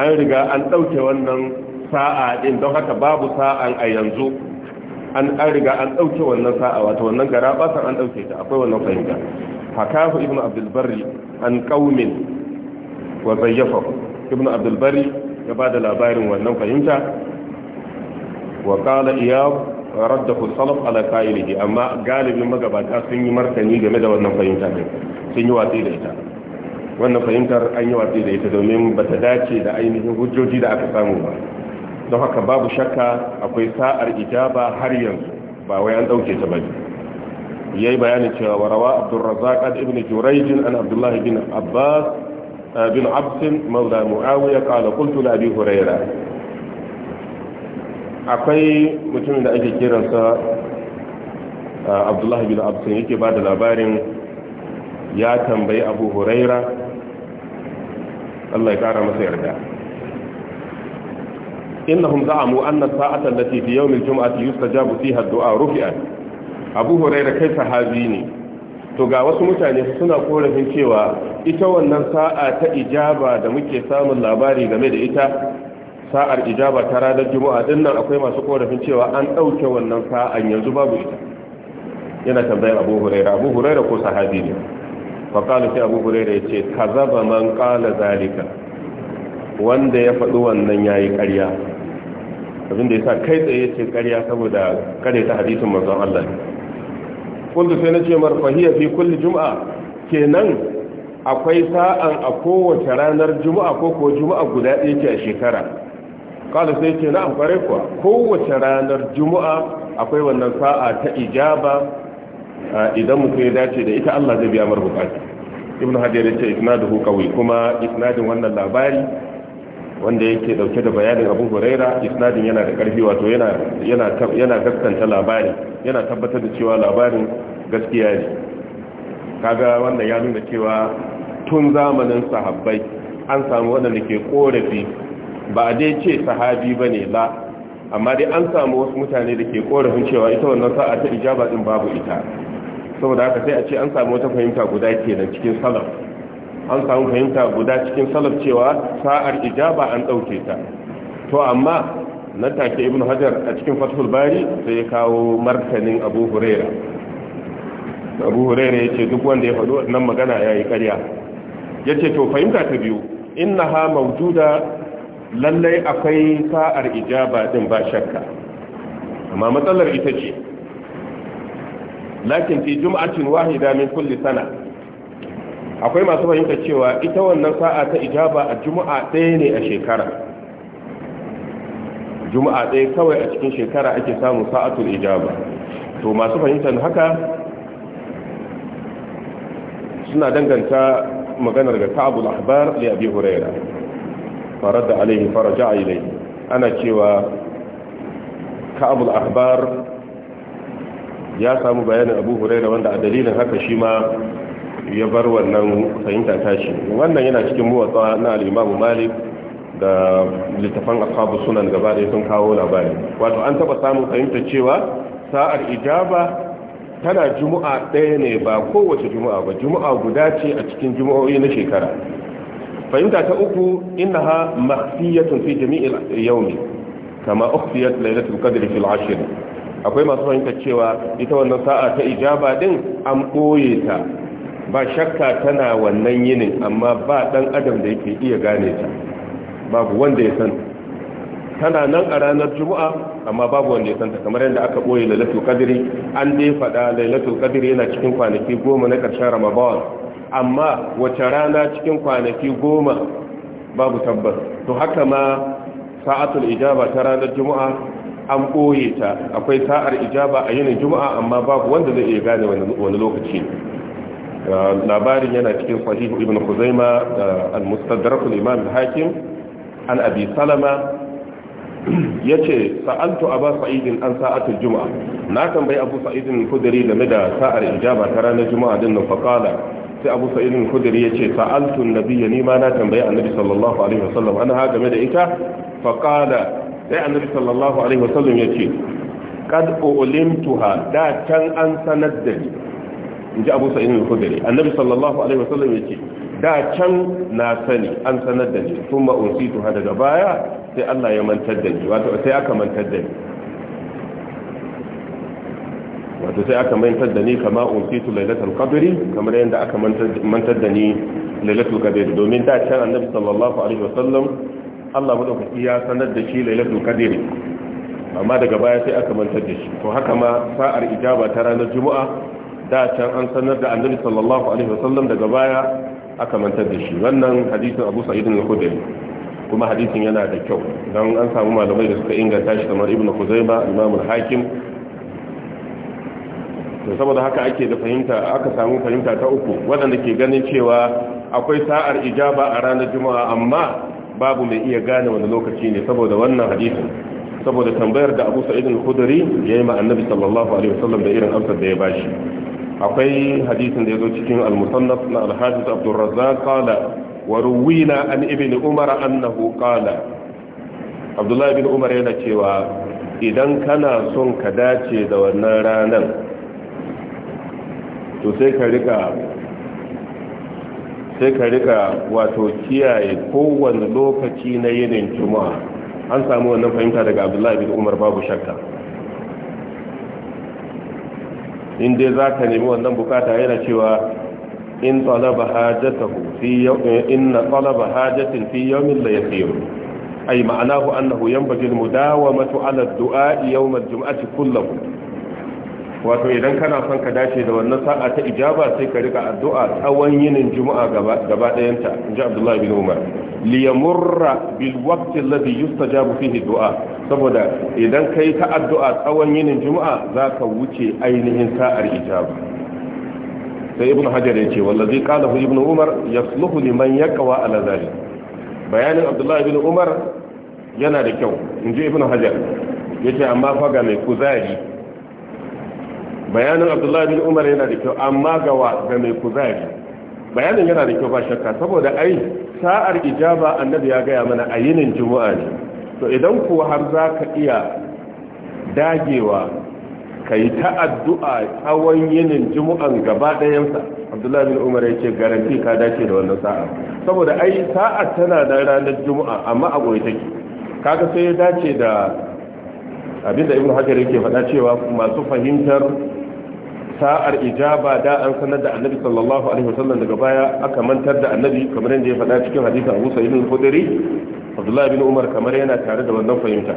an riga an ɗauke wannan sa'a din don haka babu sa'an a yanzu an riga an ɗauke wannan sa'a wato wannan gara basan an ɗauke ta akwai wannan fahimta hakahu ibn abdulbari an ƙaumin wa zayyafa ibn abdulbari ya ba da labarin wannan fahimta wa qala iyab raddahu salaf ala qailihi amma galibin magabata sun yi martani game da wannan fahimta din sun yi watsi da ita wannan fahimtar an yi watsi da ita domin bata dace da ainihin hujjoji da aka samu ba don haka babu shakka akwai sa'ar ijaba har yanzu ba wai an dauke ta bane yayi bayani cewa warawa Abdurrazzaq ibn Jurayj an Abdullah ibn Abbas eh, bin Abd mawla Muawiya qala qultu li Abi Hurairah akwai mutumin da ake kiransa abdullahi bin Abdullahi yake ba da labarin ya tambayi abu huraira Allah ya kara masa yarda innahum za'amu anna sa'ata allati fi yawm jumati yustajabu fiha ad-du'a rufi'at abu huraira kai sahabi ne to ga wasu mutane suna korafin cewa ita wannan sa'a ta ijaba da muke samun labari game da ita sa'ar ijaba ta ranar juma'a din nan akwai masu korafin cewa an ɗauke wannan sa'an yanzu babu ita yana tambayar abu huraira abu huraira ko sahabi ne faƙalu sai abu huraira ya ce ka zaba man ƙala zalika wanda ya faɗi wannan ya yi ƙarya abin da ya sa kai tsaye ce ƙarya saboda ƙare ta hadisin manzon Allah ne kullu sai na ce mar ya fi kulli juma'a kenan akwai sa'an a kowace ranar juma'a ko ko juma'a guda ɗaya ce a shekara kala sai ce na amfare kuwa kowace ranar juma'a akwai wannan sa'a ta ijaba idan mutum ya dace da ita Allah zai biya mar bukata ibnu hajar ya ce isnaduhu qawi kuma isnadin wannan labari wanda yake dauke da bayanin abu huraira isnadin yana da karfi wato yana gaskanta labari yana tabbatar da cewa labarin gaskiya ne kaga wannan ya nuna cewa tun zamanin sahabbai an samu waɗanda ke korafi ba a dai ce sahabi ba ne ba amma dai an samu wasu mutane da ke korafin cewa ita wannan sa'a ta ijaba din babu ita saboda haka sai a ce an samu wata fahimta guda kenan cikin salaf an samu fahimta guda cikin salaf cewa sa'ar ijaba an ɗauke ta to amma na take ibn hajar a cikin fathul bari sai ya kawo martanin abu huraira abu huraira ya ce duk wanda ya faɗo nan magana ya yi ƙarya ya ce to fahimta ta biyu na ha maujuda lallai akwai sa'ar ijaba din ba shakka amma matsalar ita ce lakin fi jum'atin wahida min kulli sana akwai masu fahimta cewa ita wannan sa'a ta ijaba a juma'a ɗaya ne a shekara juma'a ɗaya kawai a cikin shekara ake samun sa'atun ijaba to masu fahimtar haka suna danganta maganar ga ta'abul ahbar li abi huraira farada alaihi faraja ilai ana cewa ka'abul ahbar ya samu bayanin abu huraira wanda a dalilin haka shi ma ya bar wannan fahimta tashi wannan yana cikin muwatsa na al'imamu malik da littafan ashabu sunan gaba da sun kawo labari wato an taba samun fahimtar cewa sa'ar ijaba tana juma'a ɗaya ne ba kowace juma'a ba juma'a guda ce a cikin juma'o'i na shekara fahimta ta uku ha makhfiyatun fi jami'il yawmi kama ukhfiyat lailatul qadri fil ashr akwai masu fahimta cewa ita wannan sa'a ta ijaba din an koye ta ba shakka tana wannan yinin amma ba dan adam da yake iya gane ta babu wanda ya san tana nan a ranar juma'a amma babu wanda ya ta kamar yadda aka boye lailatul qadri an dai fada lailatul qadri yana cikin kwanaki goma na karshen ramadan amma wace rana cikin kwanaki goma babu tabbas to haka ma sa'atul ijaba ta ranar juma'a an ɓoye ta akwai sa'ar ijaba a yinin juma'a amma babu wanda zai iya gane wani lokaci uh, labarin yana cikin sahihu ibn khuzaima da uh, al-mustadrakul imam hakim an abi salama yace sa'altu aba sa'idin an sa'atul juma'a na tambayi abu sa'idin kudari game da sa'ar ijaba ta ranar juma'a din nan faqala sai abu sa'id al ya ce, sa'altu an-nabiyya ni ma na tambaye annabi sallallahu alaihi wasallam ana ha game da ita fa sai annabi sallallahu alaihi wasallam ce, qad ulimtuha da can an sanar da ni inji abu sa'id al-khudri annabi sallallahu alaihi wasallam ce, da can na sani an sanar da ni thumma unsituha daga baya sai Allah ya mantar da ni wato sai aka mantar da ni wato sai aka mantar da ni kama unsitu lailatul qadri kamar yadda aka mantar da ni lailatul qadri domin da can annabi sallallahu alaihi wasallam Allah madaukaki ya sanar da shi lailatul qadri amma daga baya sai aka mantar da shi to haka ma sa'ar ijaba ta ranar juma'a da can an sanar da annabi sallallahu alaihi wasallam daga baya aka mantar da shi wannan hadisin Abu Sa'id al-Khudri kuma hadisin yana da kyau don an samu malamai da suka inganta shi kamar Ibn Khuzaimah Imam al-Hakim saboda haka ake da fahimta aka samu fahimta ta uku waɗanda ke ganin cewa akwai sa'ar ijaba a ranar juma'a amma babu mai iya gane wani lokaci ne saboda wannan hadisin saboda tambayar da Abu Sa'id al-Khudri yayi ma Annabi sallallahu alaihi wasallam da irin amsar da ya bashi akwai hadisin da ya zo cikin al-Musannaf na al-Hafiz Abdul Razzaq qala wa ruwina an ibn Umar annahu qala Abdullah ibn Umar yana cewa idan kana son ka dace da wannan ranar to sai ka rika sai ka rika wato kiyaye kowane lokaci na yinin juma'a an samu wannan fahimta daga abdullahi bin umar babu shakka in dai za ka nemi wannan bukata yana cewa in talaba hajatahu fi in talaba fi yawmin la yasir ai ma'anahu annahu yanbaghi al-mudawamatu ala ad-du'a yawm al-jum'ati kullahu wato idan kana son ka dace da wannan sa'a ta ijaba sai ka rika addu'a tsawon yinin juma'a gaba gaba dayanta inji abdullahi bin umar li yamurra bil waqti alladhi yustajabu fihi du'a saboda idan kai ta addu'a tsawon yinin juma'a zaka wuce ainihin sa'ar ijaba sai ibn hajar ya ce wallazi qalahu ibn umar yasluhu liman yaqwa ala zalik bayanin abdullahi bin umar yana da kyau inji ibn hajar yace amma fa ga mai kuzari bayanin abdullahi bin umar yana da kyau amma gawa ga mai kuzari bayanin yana da kyau ba shakka saboda ai sa'ar ijaba annabi ya gaya mana a yinin juma'a ne to idan ku har za ka iya dagewa ka yi ta addu'a tsawon yinin juma'an gaba ɗayansa abdullahi bin umar ya ce garanti ka dace da wannan sa'a saboda ai sa'a tana da ranar juma'a amma a goyi take kaga sai ya dace da abinda ibn hajar yake faɗa cewa masu fahimtar sa'ar ijaba da an sanar da annabi sallallahu alaihi wasallam daga baya aka mantar da annabi kamar yadda ya faɗa cikin hadisin Abu Sa'id al-Khudri Abdullah bin Umar kamar yana tare da wannan fahimta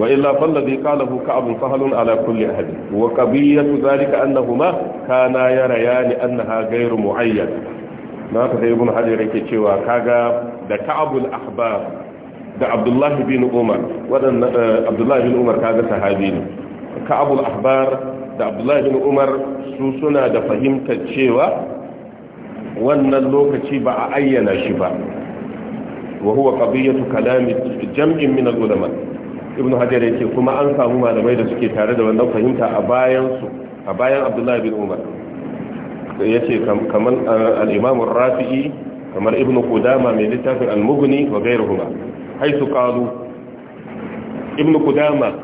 wa illa falladhi qalahu ka'abun sahlun ala kulli ahad wa qabiyatu zalika annahuma kana yarayani annaha ghayru muayyad. na ka sai ibn hajar yake cewa kaga da ka'abul ahbab da abdullahi bin umar waɗanda eh, abdullahi bin umar kaga sahabi ne ka'abul ahbar da abdullahi bin umar su suna da fahimtar cewa wannan lokaci ba a ayyana shi ba wa huwa qadiyatu kalami jam'in min al-ulama ibnu hajar yake kuma an samu malamai da suke tare da wannan fahimta a bayan su a bayan abdullahi bin umar yace kaman eh, al-imam rafi'i kamar ibn Kudama mai littafin al-mughni wa ghayruhuma haythu qalu ibn kudama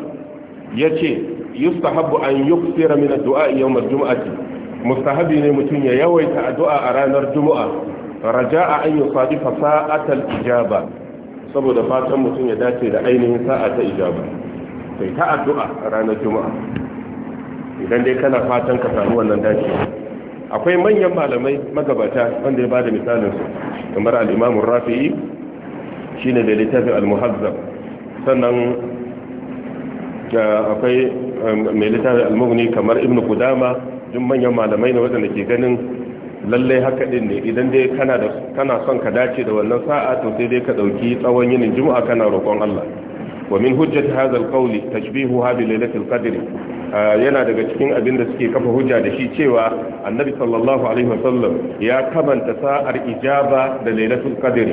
yace yustahabbu an yuksira min ad-du'a yawm al-jum'ati mustahabi ne mutum ya yawaita addu'a a ranar juma'a raja'a an yusadifa sa'at al-ijaba saboda fatan mutum ya dace da ainihin sa'a ta ijaba sai ta addu'a a ranar juma'a idan dai kana fatan ka samu wannan dacewa akwai manyan malamai magabata wanda ya bada misalin su kamar al-Imam Rafi'i shine da littafin al-Muhazzab sannan akwai um, mai littafin al-Mughni kamar Ibn Qudama duk manyan malamai ne wanda ke ganin lallai haka din ne idan dai kana da kana son ka dace da wannan sa'a to sai dai ka ɗauki tsawon yinin juma'a kana roƙon Allah wa min hujjati hadha alqawli tashbihuha bi lailatul qadr ah, yana daga cikin abin da suke kafa hujja da shi cewa annabi sallallahu alaihi wasallam ya kamanta sa'ar ijaba da lailatul qadr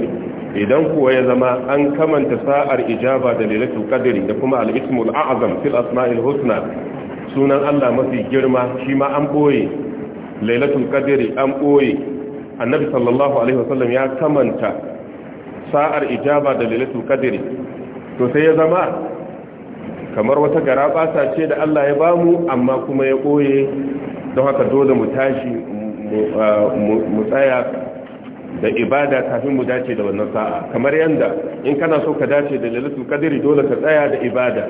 idan kuwa ya zama an kamanta sa'ar ijaba da lailatul qadr da kuma al-ismul a'zam fil asma'il husna sunan Allah mafi girma shi ma an boye lailatul qadr an boye annabi sallallahu alaihi wasallam ya kamanta sa'ar ijaba da lailatul qadr to sai ya zama kamar wata gara basa ce da Allah ya bamu amma kuma ya koye don haka dole mu tashi mu tsaya da ibada kafin mu dace da wannan sa'a kamar yanda in kana so ka dace da lailatul qadri dole ka tsaya da ibada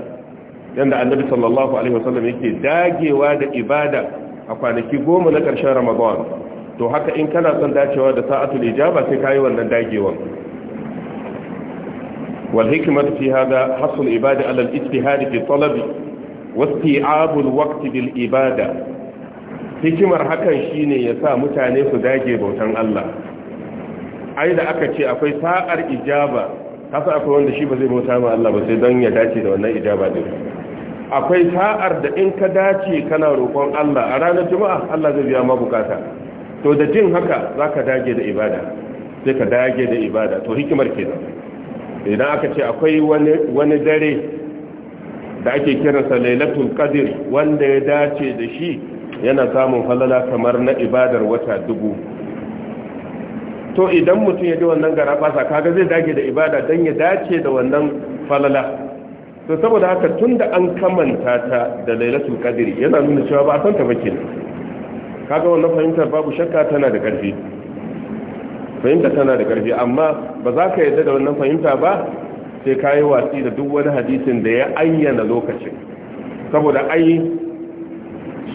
yanda annabi sallallahu alaihi wasallam yake dagewa da ibada a kwanaki goma na ƙarshen ramadan to haka in kana son dacewa da sa'atul ijaba sai kayi wannan dagewan والحكمة في هذا حص العبادة على الاجتهاد في الطلب واستيعاب الوقت بالعبادة hikimar hakan shine ya sa mutane su dage bautan Allah ai da aka ce akwai sa'ar ijaba kasa akwai wanda shi ba zai bauta ma Allah ba sai don ya dace da wannan ijaba akwai sa'ar da in ka dace kana rokon Allah a ranar juma'a Allah zai biya ma bukata to da jin haka zaka dage da ibada sai ka dage da ibada to hikimar kenan idan aka ce akwai wani dare da ake kiransa lailatul qadr wanda ya dace da shi yana samun falala kamar na ibadar wata dubu to idan mutum ya ji wannan garabasa kaga zai dage da ibada don ya dace da wannan falala to saboda haka tunda an kamanta ta da lailatul qadr yana nuna cewa ba a san ta bace kaga wannan fahimtar babu shakka tana da ƙarfi fahimta tana da ƙarfi amma ba za ka yarda da wannan fahimta ba sai ka yi watsi da duk wani hadisin da ya ayyana lokaci saboda ai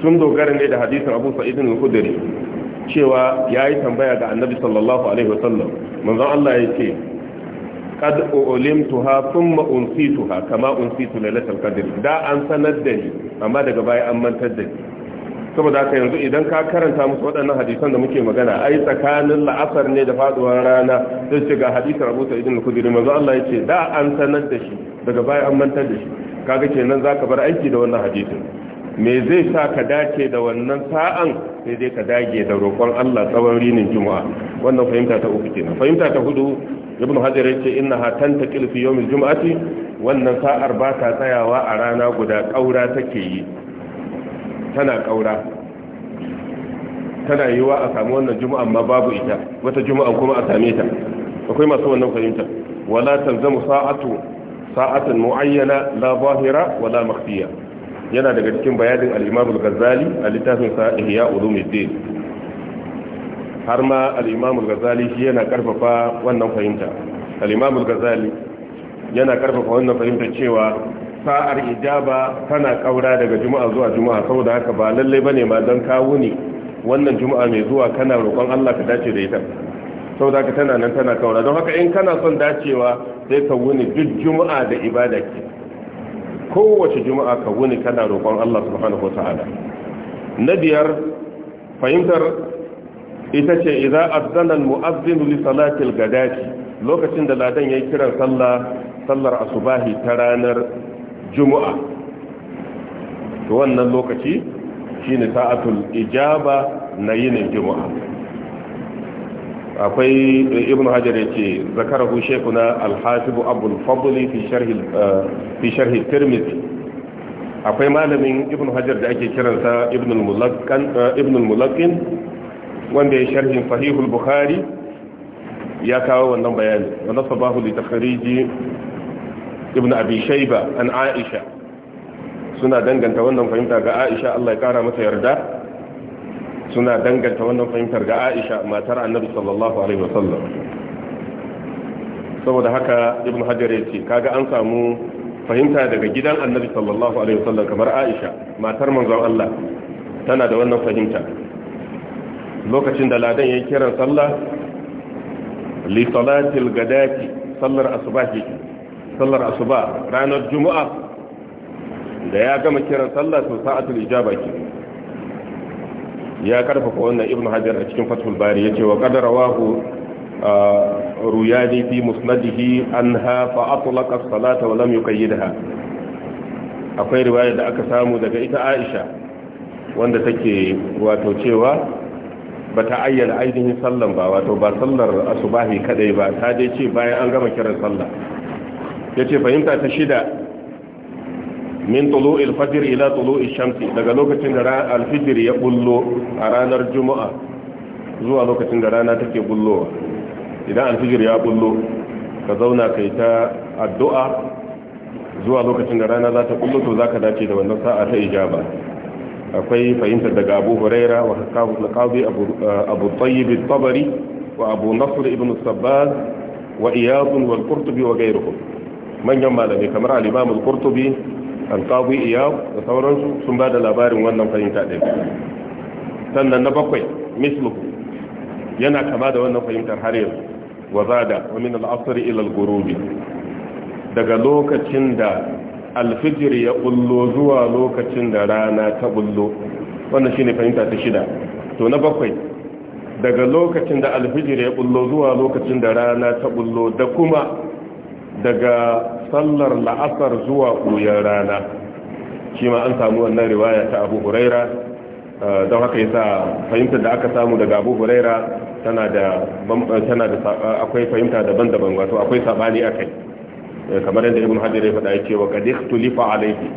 sun dogara ne da hadisin abu sa'idin al cewa cewa yi tambaya ga annabi sallallahu alaihi wasallam manzo Allah ya ce qad ulimtuha thumma unsituha kama unsitu lailatul qadr da an sanar da ni amma daga baya an mantar da ni saboda haka yanzu idan ka karanta musu waɗannan hadisan da muke magana ai tsakanin la'asar ne da faduwar rana sai ce ga hadisin Abu Sa'id al manzo Allah yace da an sanar da shi daga baya an mantar da shi kaga kenan zaka bar aiki da wannan hadisin me zai sa ka dace da wannan sa'an sai dai ka dage da roƙon Allah tsawon rinin juma'a wannan fahimta ta uku kenan fahimta ta hudu ibn hajar yace innaha tantaqil fi yawmil jum'ati wannan sa'ar ba ta tsayawa a rana guda kaura take yi tana kaura tana yiwa a samu wannan juma'a amma babu ita wata juma'a kuma a same ta akwai masu wannan fahimta wala tanzamu sa'atu sa'atan muayyana la zahira wala makhfiya yana daga cikin bayanin al-Imam al-Ghazali a littafin sa Ihya Ulumuddin har ma al-Imam al-Ghazali shi yana karfafa wannan fahimta al-Imam al-Ghazali yana karfafa wannan fahimta cewa sa'ar ijaba tana kaura daga juma'a zuwa juma'a saboda haka ba lalle bane ma dan kawo ne wannan juma'a mai zuwa kana roƙon Allah ka dace da ita saboda haka tana nan tana kaura don haka in kana son dacewa sai ka wuni duk juma'a da ibada ke kowace juma'a ka wuni kana roƙon Allah subhanahu wataala na biyar fahimtar ita ce idza azzana al-mu'azzin li salati al-gadati lokacin da ladan yayi kiran sallah sallar asubahi ta ranar juma'a to wannan lokaci shine sa'atul ijaba na yinin juma'a akwai eh, ibn hajar yace zakarahu shaykhuna al-hasib abul fi sharhi eh, fi akwai malamin ibn hajar da ake kiransa ibn al eh, wanda ya sharhin sahihul bukhari ya kawo wannan bayani wa nasabahu li takhriji ibn abi shayba an aisha suna danganta wannan fahimta ga aisha Allah ya kara masa yarda suna danganta wannan fahimtar ga aisha matar annabi sallallahu alaihi wasallam saboda haka ibn hajar ya ce kaga an samu fahimta daga gidan annabi sallallahu alaihi wasallam kamar aisha matar manzon Allah tana da wannan fahimta lokacin da ladan yayin kiran sallah li salatil gadati sallar asbahi sallar asuba ranar juma'a da ya gama kiran sallah to sa'atul ijaba ke ya karfafa wannan ibn hajar a cikin fathul bari ce wa a rawahu ruyani fi musnadihi anha fa atlaqa salata wa lam ha akwai riwaya da aka samu daga ita Aisha wanda take wato cewa ba ta ayyana ainihin sallan ba wato ba sallar asubahi kadai ba ta dai ce bayan an gama kiran sallah yace fahimta ta shida min tulu'il fajr ila tulu'ish shamsi daga lokacin da al-fajr ya bullo a ranar juma'a zuwa lokacin da rana take bullowa idan al ya bullo ka zauna kai ta addu'a zuwa lokacin da rana za ta bullo to zaka dace da wannan sa'a ta ijaba akwai fahimtar daga Abu Huraira wa Hakabu al-Qadi eh, Abu Tayyib al-Tabari wa Abu Nasr ibn Sabbaz wa Iyad wal-Qurtubi wa ghayruhum manyan malami kamar al-imam al-qurtubi al-qadi iyab da sauransu sun ba da labarin wannan fahimta ɗin sannan na bakwai mislu yana kama da wannan fahimtar har yanzu wa zada wa min al-asr ila al-ghurubi daga lokacin da al-fajr ya bullo zuwa lokacin da rana ta bullo wannan shine fahimta ta shida to na bakwai daga lokacin da al-fajr ya bullo zuwa lokacin da rana ta bullo da kuma daga sallar la'asar zuwa ɓuyar rana shi ma an samu wannan riwaya ta abu huraira eh, don haka yasa fahimtar da aka samu daga abu huraira tana da eh, eh, akwai fahimta daban-daban wato akwai sabani akai kamar yadda ibn hajar ya faɗa yake wa qad ikhtulifa alaiki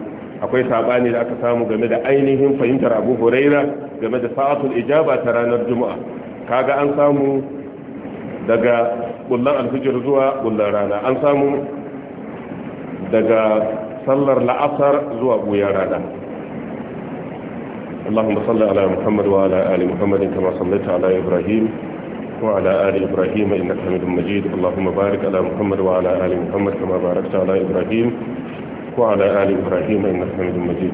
akwai sabani da aka samu game da ainihin fahimtar abu huraira game da sa'atul ijaba ta ranar juma'a kaga an samu daga bullan alfijir zuwa bullan rana an samu daga sallar la'asar zuwa buya rana اللهم صل على محمد وعلى آل محمد كما صليت على إبراهيم وعلى آل إبراهيم إنك حميد مجيد اللهم بارك على محمد وعلى آل محمد كما باركت على إبراهيم وعلى آل إبراهيم إنك حميد مجيد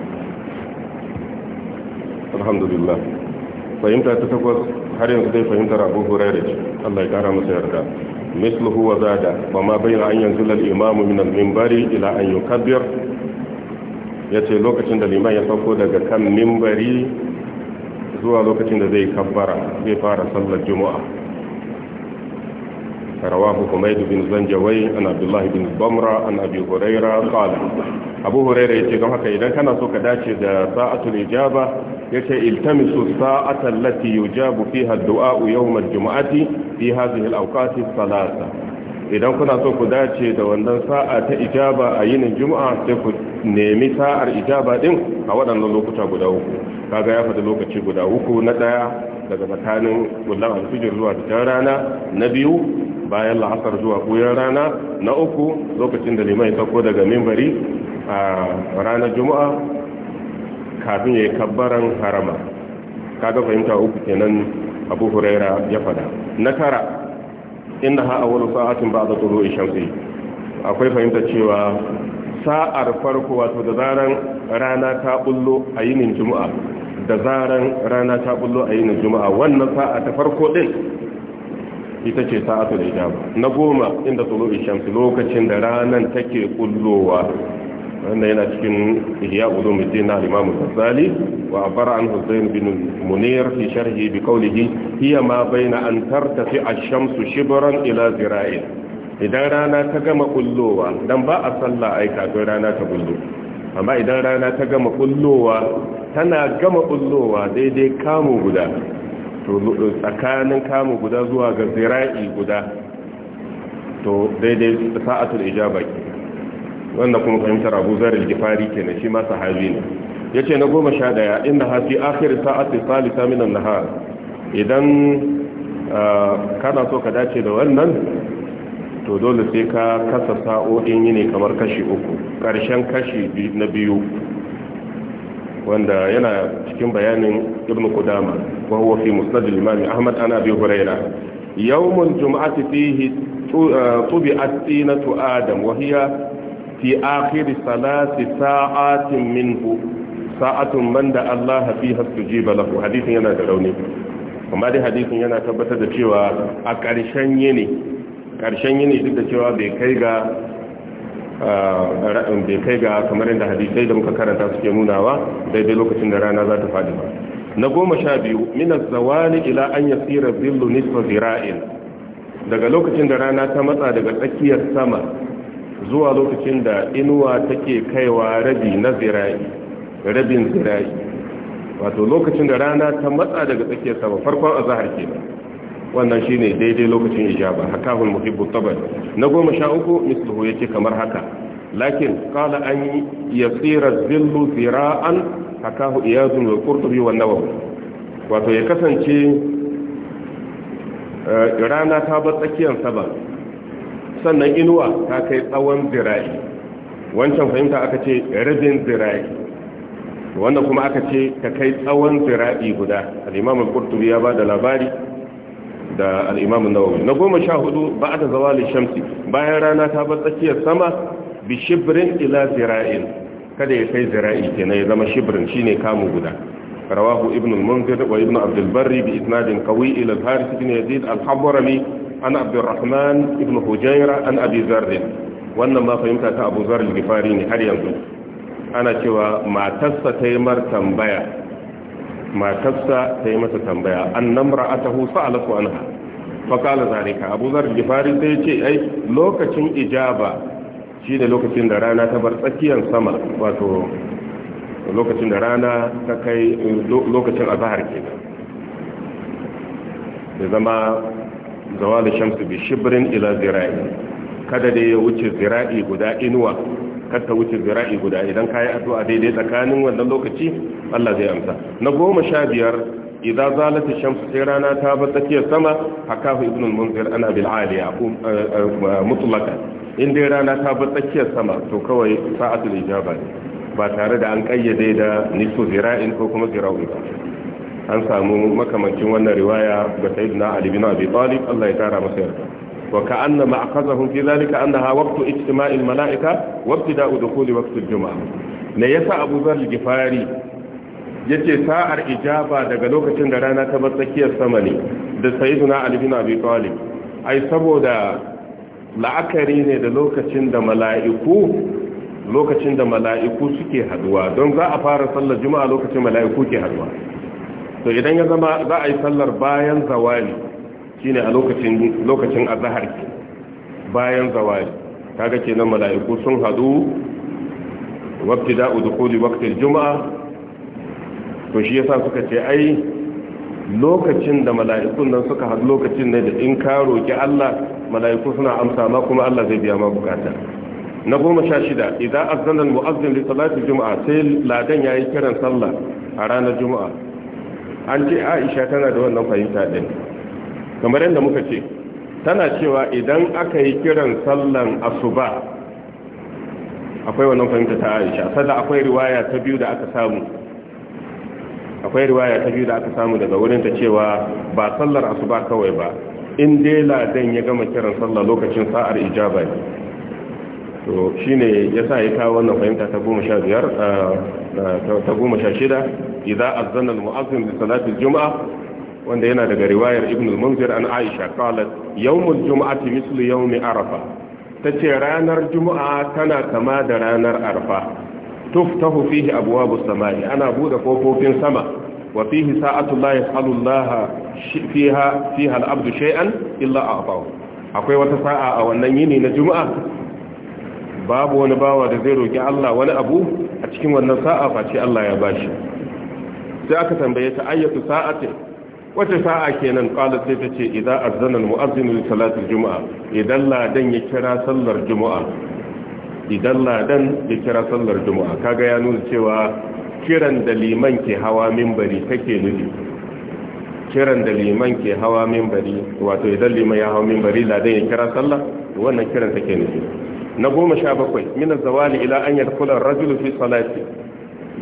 الحمد لله fahimta ta takwas har yanzu zai fahimtar abu hurairu ce Allah ya kara masa yarda misluhu wa zada wa ma bayyana an yanzu lal imamu min al minbari ila an yukabbir yace lokacin da liman ya sauko daga kan mimbari. zuwa lokacin da zai kabbara zai fara sallar juma'a rawahu humayd bin zanjawai an abdullah bin bamra an abi qala abu huraira ya ce don haka idan kana so ka dace da sa'atul ijaba ya ce iltamisu sa'atan lati yujabu fiha du'a'u yawmal jumu'ati fi hadhihi al-awqati salasa idan kuna so ku dace da wannan sa'a ta ijaba a yinin juma'a sai ku nemi sa'ar ijaba din a waɗannan lokuta guda uku kaga ya faɗi lokaci guda uku na ɗaya daga tsakanin kullan alfijir zuwa fitar rana na biyu bayan la'asar zuwa ɓuyar rana na uku lokacin da limai sauko daga mimbari a ranar juma'a kafin ya yi kabbaran harama kaga fahimta uku kenan abu huraira ya fada na tara inda ha wani sa'atin ba'da tulu'i shamsi akwai fahimta cewa sa'ar farko wato da zaren rana ta bullo a yinin juma'a da zaren rana ta bullo a yinin juma'a wannan sa'a ta farko din ita ce da ijaba na goma inda tsoro shamsi lokacin da ranar take bullowa wanda yana cikin ihya ulumuddin na al-imam al-ghazali wa an husayn bin munir fi sharhi bi qawlihi hiya ma baina an tartafi ash-shamsu shibran ila zira'in idan rana ta gama kullowa dan ba a sallah ai kafin rana ta kullo amma idan rana ta gama kullowa tana gama kullowa daidai kamu guda to tsakanin kamu guda zuwa ga zira'i guda to daidai sa'atul ijaba ke wannan kuma fahimtar abu zarar gifari kenan shi ma sahabi ne ya ce na goma sha daya inda hafi akhir sa'ati salisa minan nahar idan kana so ka dace da wannan to dole sai ka kasa sa'o'in ne kamar kashi uku ƙarshen kashi na biyu wanda yana cikin bayanin ibn kudama wa huwa fi musnad al-imam ahmad ana bi hurayra yawm al-jum'ati fihi tubi'at sinatu adam wa hiya fi akhir salati sa'atin minhu sa'atun man da Allah fiha tujiba hadisin yana da rauni amma dai hadisin yana tabbatar da cewa a ƙarshen yini ƙarshen yini duk da cewa bai kai ga bai kai kamar yadda hadisai da muka karanta suke nunawa daidai lokacin da rana za ta faɗi ba na goma sha biyu zawali ila an yasira billu zira'in daga lokacin da rana ta matsa daga tsakiyar sama zuwa lokacin da inuwa take kaiwa rabi na zira'i rabin zira'i wato lokacin da rana ta matsa daga tsakiyar sama farkon azhar kenan wannan shine daidai lokacin ijaba hul muhibbu tabari na goma sha uku misluhu yake kamar haka lakin qala an yasira zillu zira'an hu iyazun wal qurtubi wa nawawi wato ya kasance eh, rana ta bar tsakiyar sama sannan inuwa ta kai tsawon zira'i wancan fahimta aka ce rabin zira'i wannan kuma aka ce ta kai tsawon zira'i guda al-imam ya ba da labari da al nawawi na goma sha hudu ba da zawa shamsi bayan rana ta bar tsakiyar sama bi shibirin ila zira'in kada ya kai zira'i kenan ya zama shibrin ne kamu guda rawahu ibn al-munzir wa ibn abdul barri bi isnadin qawi ila al-harith yazid al an abdurrahman ibn hujaira an abi zarrin wannan ma fahimta ta abu zarrin gifari ne har yanzu ana cewa matarsa ta yi mar tambaya matarsa ta yi masa tambaya an namra a taho sa'alatu an ha faƙala zarika abu zarrin gifari sai ce ai lokacin ijaba shi ne lokacin da rana ta bar tsakiyar sama wato lokacin da rana ta kai lokacin azahar ke da zama zawal shamsu bi shibrin ila zira'i kada dai ya wuce zira'i guda inuwa kada wuce zira'i guda idan kayi addu'a daidai tsakanin wannan lokaci Allah zai amsa na goma sha biyar idza zalati shamsu sai rana ta bar tsakiyar sama hakahu ibn al-munzir ana bil aliya mutlaqan in dai rana ta bar tsakiyar sama to kawai sa'atul ijaba ba tare da an kayyade da nisu zira'in ko kuma zira'u ba an samu makamancin wannan riwaya ga sayyidina ali bin abi talib Allah ya kara masa yarda wa ka'anna ma akhazahum fi zalika annaha waqtu ijtima'il mala'ika wa ibtida'u dukhuli waqti al-jum'a ne yasa Abu Dharr al-Ghifari yace sa'ar ijaba daga lokacin da rana ta bar tsakiyar sama ne da sayyidina ali bin abi talib ai saboda la'akari ne da lokacin da mala'iku lokacin da mala'iku suke haduwa don za a fara sallar juma'a lokacin mala'iku ke haduwa to idan ya zama za a yi sallar bayan zawali shine a lokacin azahar azhar ke bayan zawali kaga kenan mala'iku sun hadu da kodi wakti juma'a to shi yasa suka ce ai lokacin da mala'ikun nan suka hadu lokacin ne da in ka roki Allah mala'iku suna amsa ma kuma Allah zai biya ma bukata na goma sha shida idan azanar mu'azin muazzin juma'a sai ladan yi kiran sallah a ranar juma'a an ce aisha tana da wannan fahimta ɗin, kamar yadda muka ce tana cewa idan aka yi kiran sallan asuba akwai wannan fahimta ta aisha sada akwai riwaya ta biyu da aka samu akwai riwaya ta biyu da aka samu daga wurin ta cewa ba sallar asuba kawai ba in dai ladan ya gama kiran sallar lokacin sa'ar ijaba ne to shine yasa ya kawo wannan fahimta ta 15 eh, eh, ta 16 idza azzana al-mu'azzin li salati al wanda yana daga riwayar ibnu munzir an aisha qalat yawm al-jum'ati mislu yawm arafa tace ranar jumu'a tana kama da ranar arfa tuftahu fihi abwabu samai ana buɗe kofofin sama wa fihi sa'atu la yasalu Allah fiha fiha al-abdu shay'an illa akwai wata sa'a a wannan yini na juma'a babu wani bawa da zai roki Allah wani abu a cikin wannan sa'a face Allah ya bashi sai aka tambaye ta ayyatu sa'atin wace sa'a kenan qalat sai ta ce idza azzana al-mu'azzin li salati al idan ladan ya kira sallar jumu'a idan ladan ya kira sallar jumu'a kaga ya nuna cewa kiran da liman ke hawa minbari take nufi kiran da liman ke hawa minbari wato idan liman ya hawa minbari ladan ya kira sallah wannan kiran take nufi na goma sha bakwai min zawali ila an yadkhula ar-rajulu fi salati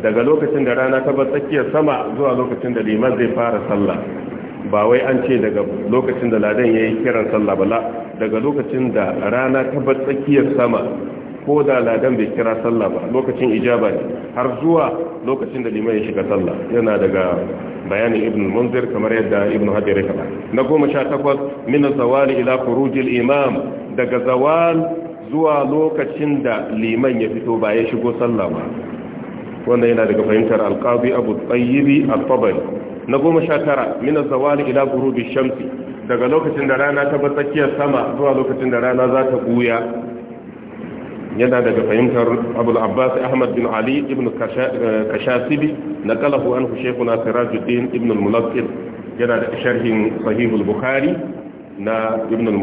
daga lokacin da rana ta bar tsakiyar sama zuwa lokacin da liman zai fara sallah ba wai an ce daga lokacin da ladan ya yi kiran sallah bala daga lokacin da rana ta bar tsakiyar sama ko da ladan bai kira sallah ba lokacin ijaba ne har zuwa lokacin da liman ya shiga sallah yana daga bayanin ibn munzir kamar yadda ibn hajar ya na goma sha takwas min zawali ila khurujil imam daga zawal zuwa lokacin da liman ya fito ba ya shigo sallah ba wanda yana daga fahimtar alqazi abu tayyibi at-tabari na goma sha tara min zawali ila gurubi shamsi daga lokacin da rana ta bar tsakiyar sama zuwa lokacin da rana za ta buya yana daga fahimtar abul abbas ahmad bin ali ibn eh, kashasibi na kalahu an shekuna sirajuddin ibn al yana da sharhin sahihul bukhari na ibn al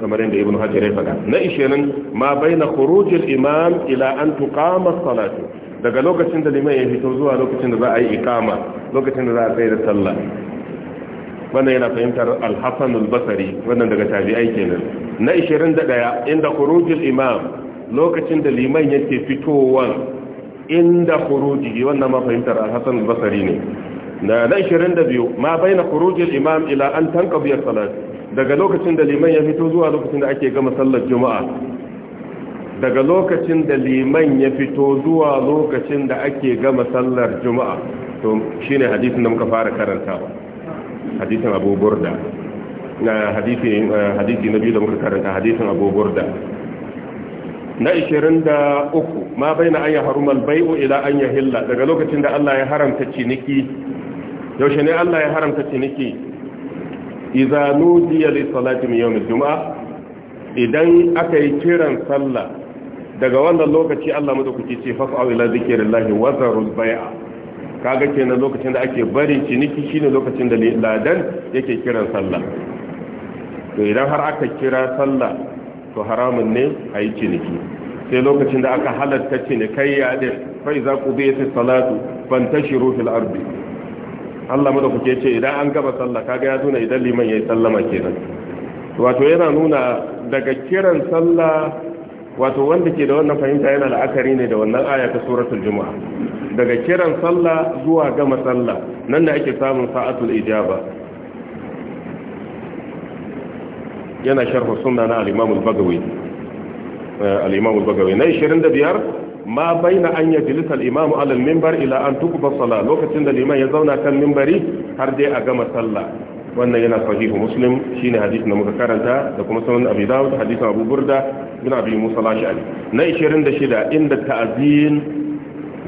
kamar yadda ibn hajar ya faɗa na ishirin ma baina khurujil imam ila an tuqama salatu daga lokacin da liman ya fito zuwa lokacin da za a yi ikama lokacin da za a tsaye da sallah wannan yana fahimtar al-hassan al-basri wannan daga tabi'ai kenan na 21 inda khurujul imam lokacin da liman yake fitowa inda khuruji wannan ma fahimtar al-hassan al-basri ne na 22 ma baina khurujul imam ila an tanqadi as-salat daga lokacin da liman ya fito zuwa lokacin da ake gama sallar juma'a daga lokacin da liman ya fito zuwa lokacin da ake gama sallar juma'a to shine hadisin da muka fara karantawa hadisin abu burda na hadisi eh, hadisi na biyu da muka karanta hadisin abu burda na 23 ma baina an yahrumal bai'u ila an yahilla daga lokacin da Allah ya haramta ciniki yaushe ne Allah ya haramta ciniki idza nudiya li salati min yawm al idan aka yi kiran sallah daga wannan lokaci Allah madaukaki ce fa'u ila zikrillahi wa zarul bai'a kaga kenan lokacin da ake barin ciniki shine lokacin da ladan yake kiran sallah to idan har aka kira sallah to haramun ne ayi ciniki sai lokacin da aka halatta cinikayya din fa iza qudiyatis salatu fantashiru fil ardi Allah kuke ce idan an gaba sallah kaga ya zuna idan liman yayi sallama kenan wato yana nuna daga kiran sallah wato wanda ke da wannan fahimta yana la'akari ne da wannan aya ta suratul juma'a daga kiran sallah zuwa gama sallah nan da ake samun sa'atul ijaba yana sharhu sunna na al-imam al-bagawi eh, al-imam al-bagawi na 25 ma baina an yajlis al-imam ala al-minbar ila an tuqba salah lokacin da liman ya zauna kan minbari har dai a gama sallah wannan yana sahihu muslim shine hadisin da muka karanta da kuma sunan abi dawud hadisin abu burda bin abi musa al-ash'ari na 26 inda ta'zin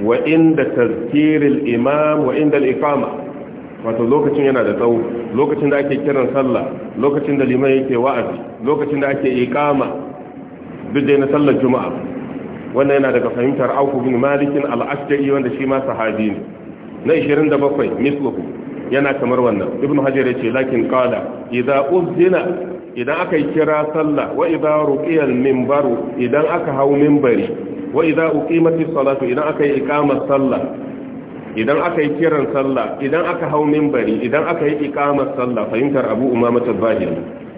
wa inda tazkir al-imam wa inda al-iqama wato lokacin yana da tsawo lokacin da ake kiran sallah lokacin da liman yake wa'azi lokacin da ake iqama duk na sallar juma'a wannan yana daga fahimtar auku bin malikin al-ashja'i wanda shi ma sahabi ne na 27 misluhu yana kamar wannan ibnu hajar yace lakin qala idza uzina idan aka yi kira sallah wa idza ruqiya al-minbaru idan aka hau minbari wa idza uqimati salatu idan aka yi iqamar sallah idan aka yi kiran sallah idan aka hau minbari idan aka yi iqamar sallah fahimtar abu umama tabahir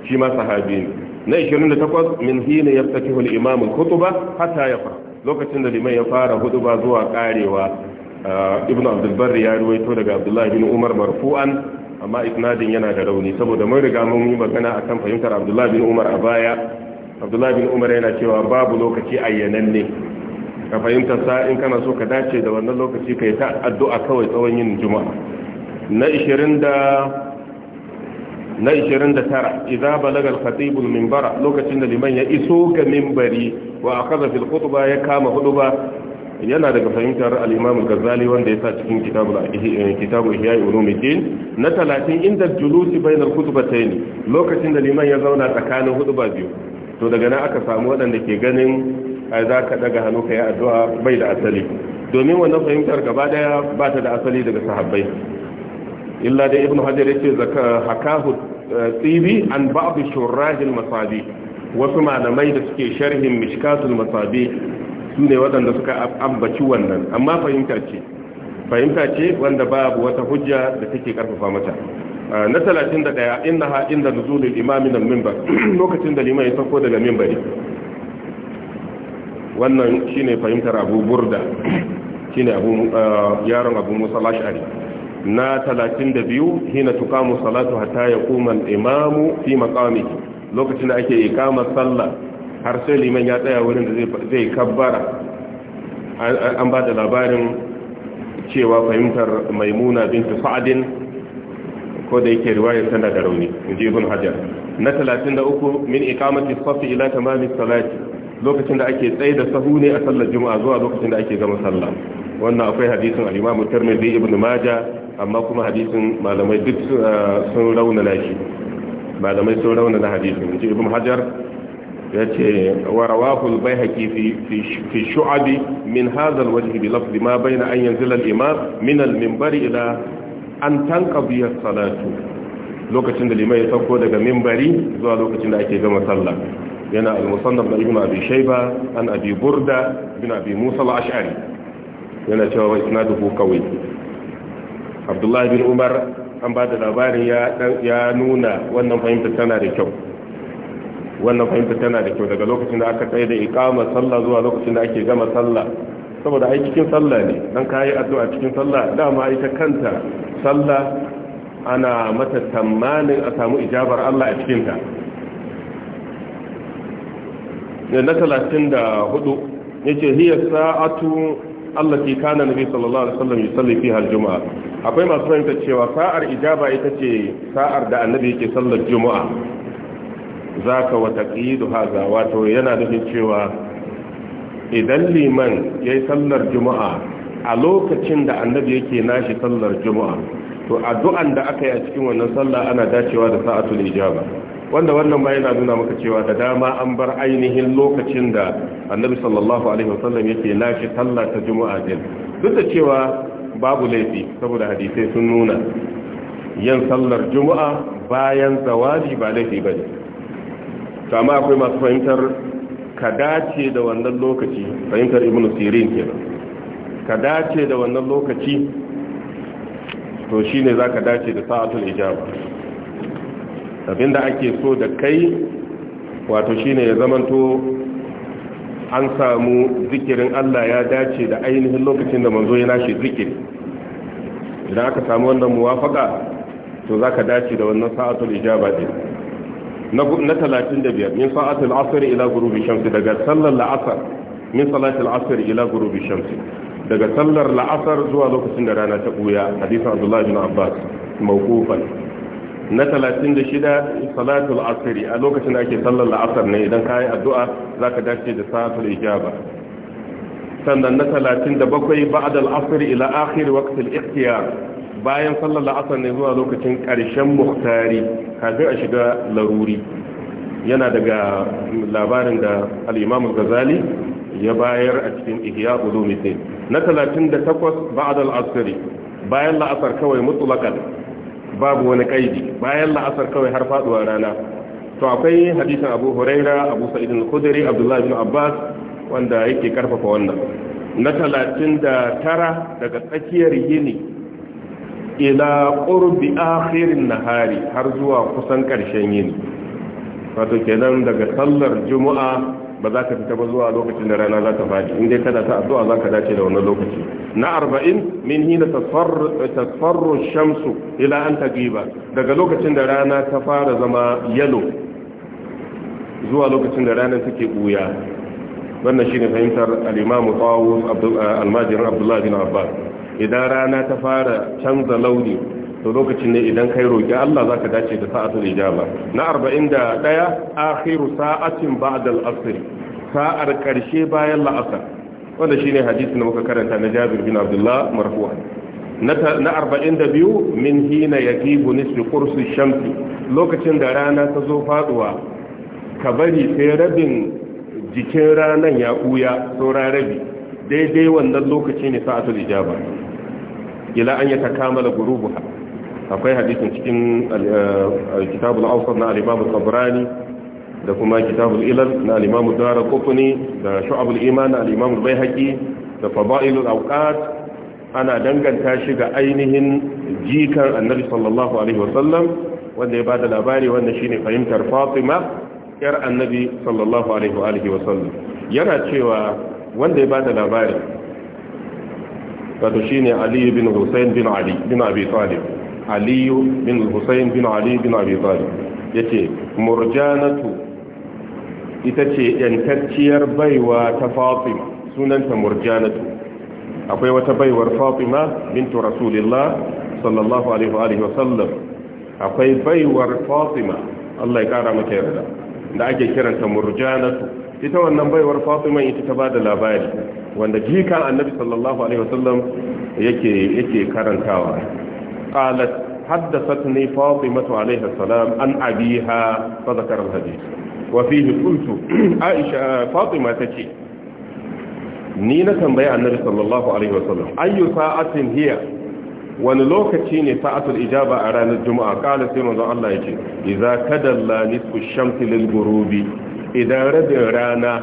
shi ma sahabi ne na 28 min hina yaftatihu al-imam al-khutbah hatta yaqra lokacin da liman ya fara huduba zuwa karewa ibn abdulbar ya ruwaito daga abdullahi bin umar marfu'an amma isnadin yana da rauni saboda mun riga mun yi magana akan fahimtar abdullahi bin umar a baya abdullahi bin umar yana cewa babu lokaci ayyananne ka fahimtar sa in kana so ka dace da wannan lokaci kai ta addu'a kawai tsawon yin juma'a na 20 da na 29 idza balaga al-khatib al-minbara lokacin da liman ya iso ga minbari wa akhadha fil khutba ya kama khutba yana daga fahimtar al-imam wanda ya sa cikin kitabul kitabu eh, ihya ulumuddin na 30 inda julusi bainal khutbatayn lokacin da liman ya zauna tsakanin hutuba biyu to daga nan aka samu waɗanda ke ganin eh, za ka daga hannu ka yi addu'a bai da asali domin wannan fahimtar gaba daya ba ta da asali daga sahabbai illa da ibn hajar yace zaka hakahu eh, tsibi an ba'd shurahil masabi wasu malamai da suke sharhin mishkatul masabi su ne waɗanda suka ambaci wannan amma fahimta ce fahimta ce wanda babu wata hujja da take karfafa mata ah, na 31 ha inda nuzulul imami nan minbar lokacin da limai ya sauko daga minbari wannan shine fahimtar Abu Burda shine Abu ah, yaron Abu Musa na talatin na 32 hina tuqamu salatu hatta yaquma al-imamu fi maqamihi lokacin da ake iqamar sallah har sai liman ya tsaya wurin da zai kabbara an ba da labarin cewa fahimtar maimuna binta sa'adin ko da yake riwaya tana da rauni inji ibn hajar na 33 min iqamati safi ila tamamis salati lokacin da ake tsaye da sahu ne a sallar juma'a zuwa lokacin da ake gama sallah wannan akwai hadisin al-imamu tirmidhi ibn majah amma kuma hadisin malamai duk ah, sun raunana shi malamai sun raunana hadisin inji ibn hajar Yace ce wa rawahu fi fi shu'abi min hadha al-wajh bi lafz ma bayna an yanzila al-imam min al-minbar ila an tanqadi as-salatu lokacin da limai ya sauko daga minbari zuwa lokacin da ake gama sallah yana al-musannaf da ibnu abi shayba an abi burda bin abi musa al-ash'ari yana cewa wa isnaduhu qawi abdullahi bin umar an ba da labarin ya nuna wannan fahimta tana da kyau wannan fahimtar tana da kyau daga lokacin da aka kai da iqama sallah zuwa lokacin da ake gama sallah saboda ai cikin sallah ne dan kai addu'a cikin sallah dama ita kanta sallah ana mata tamanin a samu ijabar Allah a cikin ta ne na 34 yace hiya sa'atu Allah allati kana nabi sallallahu alaihi wasallam yusalli fiha al-jumu'a akwai masu fahimta cewa sa'ar ijaba ita ce sa'ar da annabi yake sallar juma'a zaka wa taqidu haza wato yana nufin cewa idan liman yayi sallar juma'a a lokacin da annabi yake nashi sallar juma'a to addu'an da aka yi a cikin wannan sallah ana dacewa da sa'atul ijaba wanda wannan ma yana nuna maka cewa da dama an bar ainihin lokacin da annabi sallallahu alaihi wasallam yake nashi sallah ta juma'a din duk da cewa babu laifi saboda hadisai sun nuna yin sallar juma'a bayan zawali ba laifi bane to amma akwai masu fahimtar ka dace da wannan lokaci fahimtar ibn sirin ke ka dace da wannan lokaci to shi ne za ka dace da sa'atul ijaba abinda ake so da kai wato shi ne ya zamanto an samu zikirin Allah ya dace da ainihin lokacin da manzo ya nashi zikiri idan aka samu wannan muwafaka to za ka dace da wannan sa'atul ijaba din na talatin da biyar min sa'atul asr ila ghurubi shamsi daga sallar la'asar min salatul asr ila ghurubi shamsi daga sallar la'asar zuwa lokacin da rana ta buya hadisin abdullahi bin abbas mawqufan na talatin da shida salatul asr a lokacin da ake sallar la'asar ne idan kai addu'a zaka dace da sa'atul ijaba sannan na talatin 37 ba'da al-asr ila akhir waqt al-ikhtiyar bayan sallar la'asar ne zuwa lokacin ƙarshen muhtari kafin a shiga laruri yana daga labarin da al'imam gazali ya bayar a cikin ihya ulumite na 38 ba'ad al’asari bayan la'asar kawai mutlaqan babu wani kaidi bayan la'asar kawai har faduwa rana to akwai Hadisan Abu Huraira Abu sa'idin kudiri Abdullahi bin Abbas wanda yake karfafa wannan na 39 daga tsakiyar yini ila qurbi akhirin nahari har zuwa kusan karshen yini wato kenan daga sallar juma'a ba za ka fita ba zuwa lokacin da rana za ta fadi in dai kana ta addu'a za ka dace da wani lokaci na arba'in min hina tasfarru shamsu ila an ta tagiba daga lokacin da rana ta fara zama yalo zuwa lokacin da rana take buya wannan shine fahimtar al-imamu tawus abdul al-majid abdullah bin abbas idan rana ta fara canza launi to lokacin ne idan kai roƙi Allah zaka dace da sa'atul ijaba na 41 akhiru sa'atin ba'da asr sa'ar karshe bayan la'asar wanda shine hadisi da muka karanta na Jabir bin Abdullah marfu'an na biyu min hina yaqibu nisfi qursi shamsi lokacin da rana ta zo faduwa ka bari sai rabin jikin ranan ya buya saura rabi daidai wannan lokaci ne sa'atul ijaba ila an yata kamala gurubuha akwai hadisin cikin eh, al awsat na al-imam al-tabrani da kuma kitabul ilal na al-imam ad-darqutni da shu'abul iman na al-imam al-baihaqi da fadailul awqat ana danganta shi ga ainihin jikan annabi sallallahu alaihi wasallam wanda ya bada labari wanda shine fahimtar fatima yar annabi sallallahu alaihi wa alihi wasallam yana cewa wanda ya bada labarin, wato shine Ali bin Husayn bin Ali bin Abi Talib Ali bin Hussein bin Ali bin Abi Talib yace murjanatu ita ce yantacciyar baiwa ta Fatima sunanta murjanatu akwai wata baiwar Fatima bintu Rasulullah sallallahu alaihi wa alihi wa sallam akwai baiwar Fatima Allah ya kara mata yarda da ake kiranta murjanatu ita wannan baiwar fatima ita ta bada labari wanda jikan annabi sallallahu alaihi wasallam yake yake karantawa qalat haddathatni fatima alaiha salam an abiha fa zakara alhadith wa fihi qultu aisha fatima tace ni na tambaye annabi sallallahu alaihi wasallam ayyu sa'atin hiya wani lokaci ne sa'atul ijaba a ranar juma'a qala sai manzo Allah yace idza kadalla nisfu shamsi lil ghurubi idan rabin rana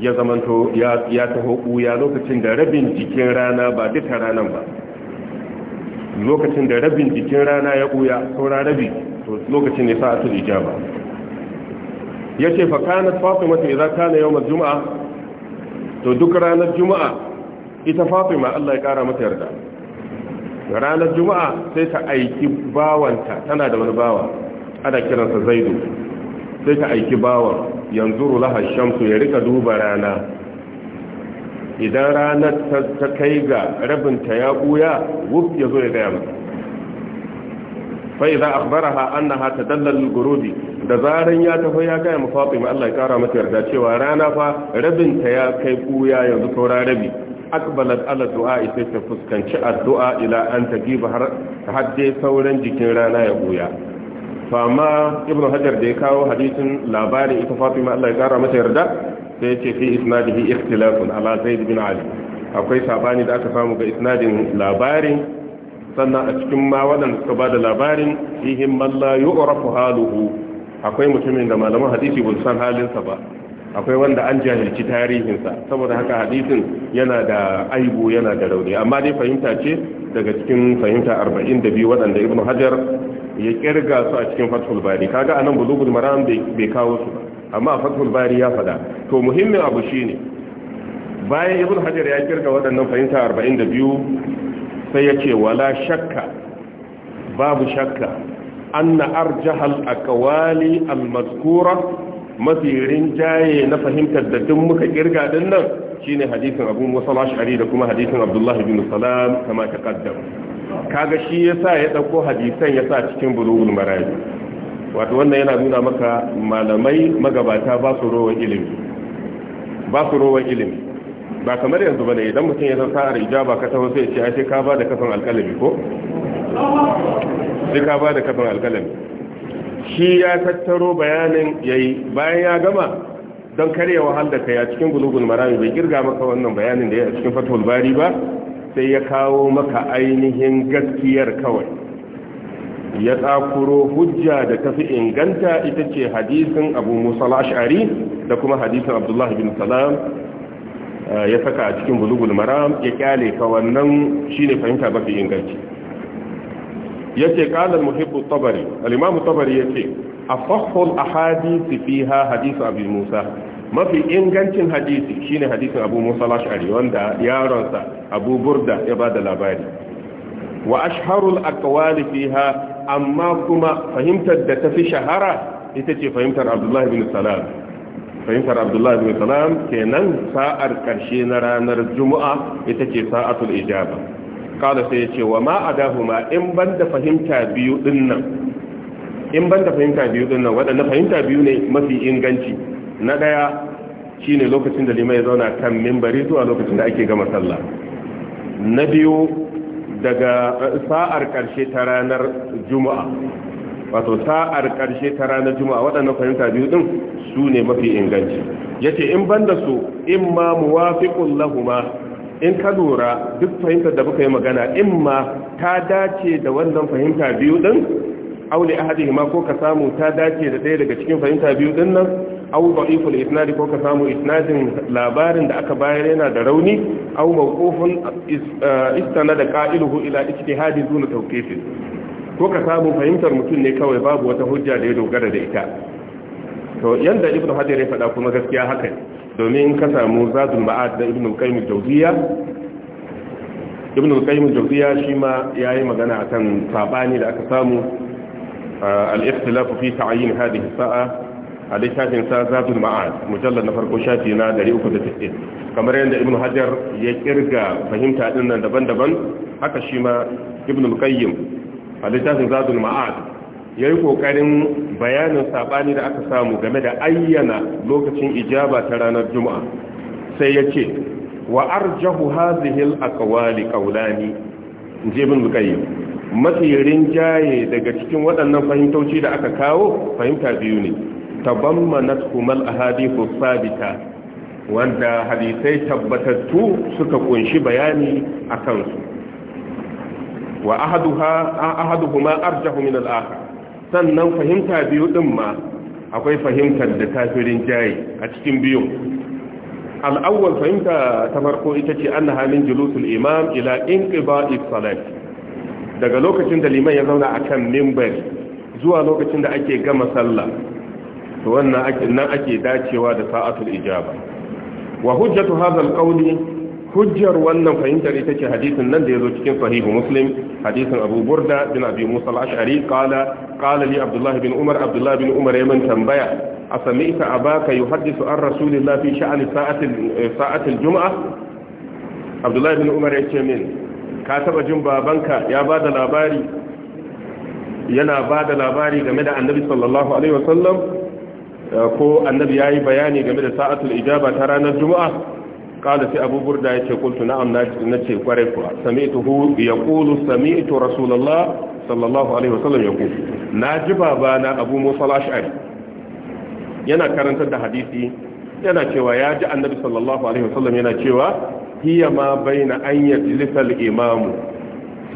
ya zamanto ya taho ɓuya lokacin da rabin jikin rana ba duka ranan ba lokacin da rabin jikin rana ya ɓuya saura rabi to lokacin ne sa'atul ijaba yace fa kanat fatima idza kana yau mai juma'a? to duk ranar juma'a ita ma Allah ya kara mata yarda ranar juma'a sai ta aiki bawanta tana da wani bawa ana kiransa zaidu sai ka aiki bawan yanzu laha shamsu ya rika duba rana idan ranar ta kai ga rabinta ya buya wuf ya zo ya gaya ha an na hata dallar gurubi da zaran ya tafi ya gaya mu ma Allah ya kara mata yarda cewa rana fa rabinta ya kai buya yanzu saura rabi akbalar ala du'a ita ta fuskanci addu'a ila an ba har hadde sauran jikin rana ya buya fama ibn hajar da ya kawo hadisin labarin ita fatima Allah ya kara mata yarda sai ya ce fi isnadihi ikhtilafun ala zaid bin ali akwai sabani da aka samu ga isnadin labarin sannan a cikin ma waɗanda suka bada labarin fihim man la yu'rafu haluhu akwai mutumin da malaman hadisi ba su san halinsa ba akwai wanda an jahilci tarihinsa saboda haka hadisin yana da aibu yana da rauni amma dai fahimta ce daga cikin fahimta 42 waɗanda ibn hajar ya kirga su a cikin fathul bari kaga anan bulugul maram bai kawo su amma fathul bari ya fada to muhimmin abu shine bayan ibn hajar ya kirga waɗannan fahimta 42 sai ya ce wala shakka babu shakka anna arjahal aqwali al-mazkura mafi rinjaye na fahimtar da duk muka kirga din nan shine hadisin Abu Musa al-Ash'ari da kuma hadisin Abdullah ibn Salam kama ta kaddam kaga shi yasa ya dauko hadisan yasa cikin bulugul maraj wato wannan yana nuna maka malamai magabata ba su rowa ilimi ba su rowa ilimi ba kamar yanzu bane idan mutum ya san sa'ar ijaba ka tawo sai ya ce ai sai ka ba da kasan alƙalami ko sai ka ba da kasan alƙalami shi ya tattaro bayanin yayi bayan ya gama don karya wahal da kai cikin gulugul marami bai girga maka wannan bayanin da ya cikin fatul bari ba sai ya kawo maka ainihin gaskiyar kawai ya tsakuro hujja da tafi inganta ita ce hadisin abu musa ash'ari da kuma hadisin abdullahi bin salam eh, ya saka a cikin bulugul maram ya kyale ka wannan shi ne fahimta mafi inganci yace qala al-muhibbu tabari al-imam tabari yace afahhu al-ahadith fiha hadith abi musa mafi ingancin hadisi shine hadisin abu musa al-ash'ari wanda yaronsa abu burda ya bada labari wa ashharul aqwali fiha amma kuma fahimtar da tafi shahara ita ce fahimtar abdullahi bin salam fahimtar abdullahi bin salam kenan sa'ar karshe na ranar juma'a ita ce sa'atul ijaba kala sai ya ce wa ma adahuma in ban da fahimta biyu din nan in ban da fahimta biyu din nan waɗanda fahimta biyu ne mafi inganci na ɗaya shine lokacin da limai zauna kan mimbari zuwa lokacin da ake gama sallah na biyu daga eh, sa'ar ƙarshe ta ranar juma'a wato sa'ar ƙarshe ta ranar juma'a waɗannan fahimta biyu din su ne mafi inganci ya ce in ban da su in ma muwafiƙun lahuma in ka lura duk fahimtar da muka yi magana in ma ta dace da wannan fahimta biyu din auli ahadihi ma ko ka samu ta dace da ɗaya daga cikin fahimta biyu din nan au da'iful isnadi ko ka samu isnadin labarin da aka bayar yana da rauni au mawqufun uh, istana da qa'iluhu ila ijtihadi dun tawqif ko ka samu fahimtar mutum ne kawai babu wata hujja da ya dogara da ita to yanda ibnu hajar ya faɗa kuma gaskiya haka domin ka samu zadul ma'ad da ibnu qayyim al ibnu qayyim al shi ma yayi magana kan sabani da aka samu al-ikhtilaf fi ta'yin hadhihi sa'a a littafin sa zadul ma'ad mujallar na farko shafi na 390 kamar yadda ibnu hajar ya kirga fahimta din nan daban-daban haka shi ma ibnu qayyim a littafin zadul ma'ad ya yi ƙoƙarin bayanin saɓani da aka samu game da ayyana lokacin ijaba ta ranar juma'a sai ya ce wa arjahu hazihil akawali kaulani jibin bukayi mafi rinjaye daga cikin waɗannan fahimtauci da aka kawo fahimta biyu ne manat kumal ahadithu sabita wanda hadisai tabbatattu suka kunshi bayani kansu kansu wa ahaduhu ma arjahu min al sannan fahimta biyu ɗin ma akwai fahimtar da kafirin jayi a cikin biyu al'awwal fahimta ta farko ita ce an halin julusul imam ila inqiba'i salat daga lokacin da liman ya zauna akan mimbar zuwa lokacin da ake gama sallah to wannan nan ake dacewa da sa'atul ijaba wa hujjatu hadha alqawli hujjar wannan fahimtar ita ce hadisin nan da ya zo cikin sahihu muslim hadisin abu burda bin abi musa al-ash'ari qala qala li abdullah bin umar abdullah bin umar yaman tambaya asami'ta abaka yuhaddisu an rasulillah fi sha'ni sa'atil sa'atil jum'a abdullah bin umar yace min ka taba jin babanka ya bada labari yana bada labari game da annabi sallallahu alaihi wasallam ko annabi yayi bayani game da sa'atul ijaba ta ranar juma'a qala sai abu burda yace qultu na'am nace kware kuwa sami'tuhu yaqulu sami'tu rasulullah sallallahu alaihi wasallam yaqul naji babana abu musa al-ash'ari yana karantar da hadisi yana cewa ya ji annabi sallallahu alaihi wasallam yana cewa hiya ma baina an yajlisa al-imamu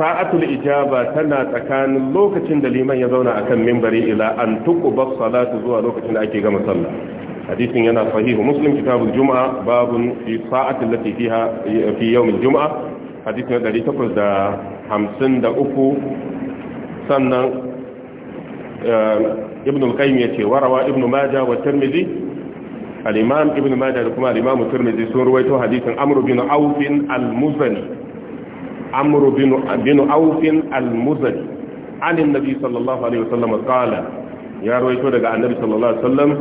sa'atul ijaba tana tsakanin lokacin da liman ya zauna akan mimbari ila an tuqba salatu zuwa lokacin da ake gama sallah hadisin yana sahihu muslim kitabul juma'a babun fi sa'atil lati fiha fi yawmil juma'a hadisin 853 sannan eh, ibn al-qayyim yace warawa ibn majah wa tirmidhi al-imam ibn majah da kuma al-imam tirmidhi sun ruwaito hadisin amr bin auf al-muzani amru bin aufin al-muzani anin nabi sallallahu alaihi wasallam qala ya rawaito daga annabi sallallahu alaihi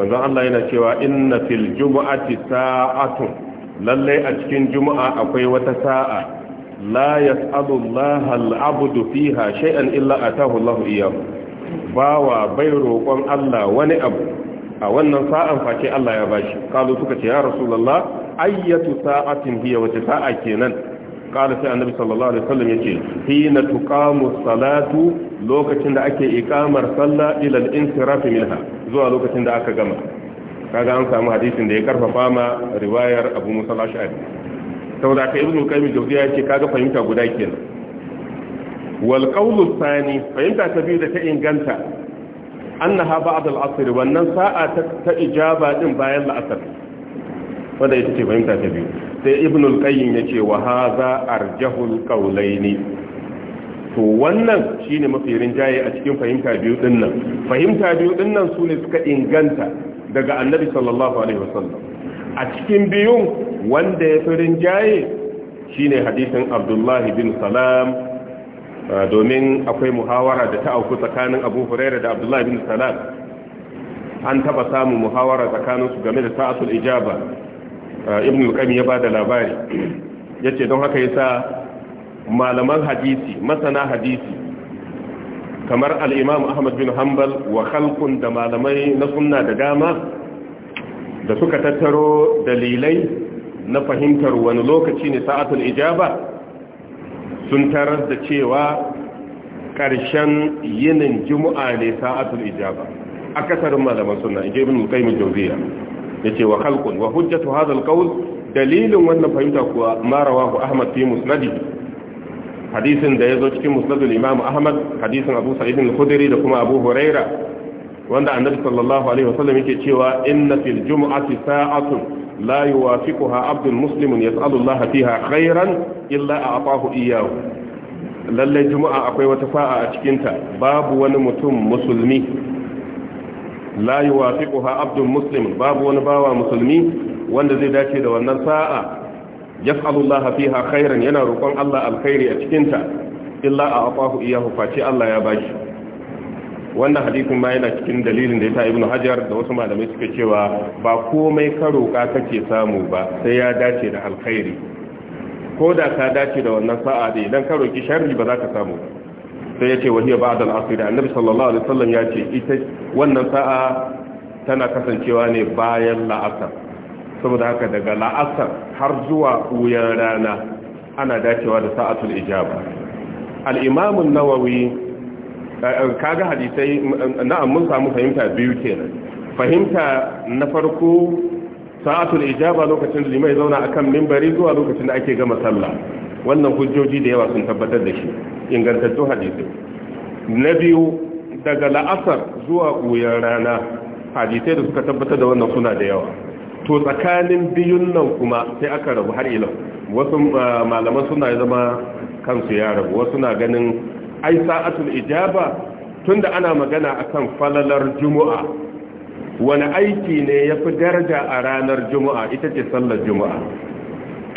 Allah yana cewa inna fil jumu'ati sa'atun lalle a cikin Juma'a akwai wata sa'a la yas'alu Allah al-abdu fiha shay'an illa atahu Allah iyyahu bawa bai roƙon Allah wani abu a wannan sa'an face Allah ya bashi kalu suka ce ya rasulullah ayyatu sa'atin biya wata sa'a kenan kala sai annabi sallallahu alaihi wasallam yace hina tuqamu salatu lokacin da ake iqamar salla ila al-insirafi minha zuwa lokacin da aka gama kaga an samu hadisin da ya karfafa ma riwayar Abu Musa al-Ash'ari saboda ka ibnu qayyim jawziya yace kaga fahimta guda kenan wal qawl thani fahimta ta biyu da ta inganta annaha ba'd al-asr wannan sa'a ta ijaba ɗin bayan al wanda ita ce fahimta ta biyu sai ibn al-qayyim yace wa hadha arjahul qawlaini to wannan shine mafi rinjaye a cikin fahimta biyu din nan fahimta biyu din nan sune suka inganta daga annabi sallallahu alaihi wasallam a cikin biyun wanda ya fi rinjaye shine hadisin abdullahi bin salam domin akwai muhawara da ta auku tsakanin abu huraira da abdullahi bin salam an taba samun muhawara tsakaninsu game da ta'asul ijaba Eh, ibn al-qayyim ya bada labari yace don haka yasa malaman hadisi masana hadisi kamar al-imam ahmad bin hanbal wa khalqun da malamai na sunna da dama da suka tattaro dalilai na fahimtar wani lokaci ne sa'atul ijaba sun tarar da cewa ƙarshen yinin juma'a ne sa'atul ijaba akasarin malaman sunna ibn al-qayyim jawziya ce wa khalqun wa hujjatu hadha alqawl dalilin wannan fahimta kuwa ma rawahu ahmad fi musnadi hadisin da yazo cikin musnad al-imam ahmad hadisin abu sa'id al-khudri da kuma abu huraira wanda annabi sallallahu alaihi wasallam yake cewa inna fil jum'ati sa'atun la yuwafiquha abdun muslimun yas'alu Allah fiha khairan illa a'tahu iyyahu lalle juma'a akwai wata fa'a a cikinta babu wani mutum musulmi la yuwafiquha abdun muslim babu wani bawa musulmi wanda zai dace da wannan sa'a yas'alullaha fiha khairan yana roƙon Allah alkhairi a cikinta illa a afahu iyahu face Allah ya bashi wannan hadisin ma yana cikin dalilin da ya yasa ibnu hajar da wasu malamai suka cewa ba komai ka roƙa kake samu ba sai ya dace da alkhairi ko da ka dace da wannan sa'a dai idan ka roki sharri ba za ka samu ba sai yace wahiya ba'da al-asr annabi sallallahu alaihi wasallam ce ita wannan sa'a tana kasancewa ne bayan la'asar saboda haka daga la'asar har zuwa wuyan rana ana dacewa da sa'atul ijaba al'imamun nawawi kaga hadisai na'am mun samu fahimta biyu kenan fahimta na farko sa'atul ijaba lokacin da limai zauna akan mimbari zuwa lokacin da ake gama sallah wannan hujjoji da yawa sun tabbatar da shi ingantattun hadisai na biyu daga la'asar zuwa ɓuyar rana hadisai da suka tabbatar da wannan suna da yawa to tsakanin biyun nan kuma sai aka rabu har ilau wasu ah, malaman suna zama kansu ya rabu wasu na ganin ai sa'atul ijaba tunda ana magana akan falalar juma'a wani aiki ne ya fi daraja a ranar juma'a ita ce sallar juma'a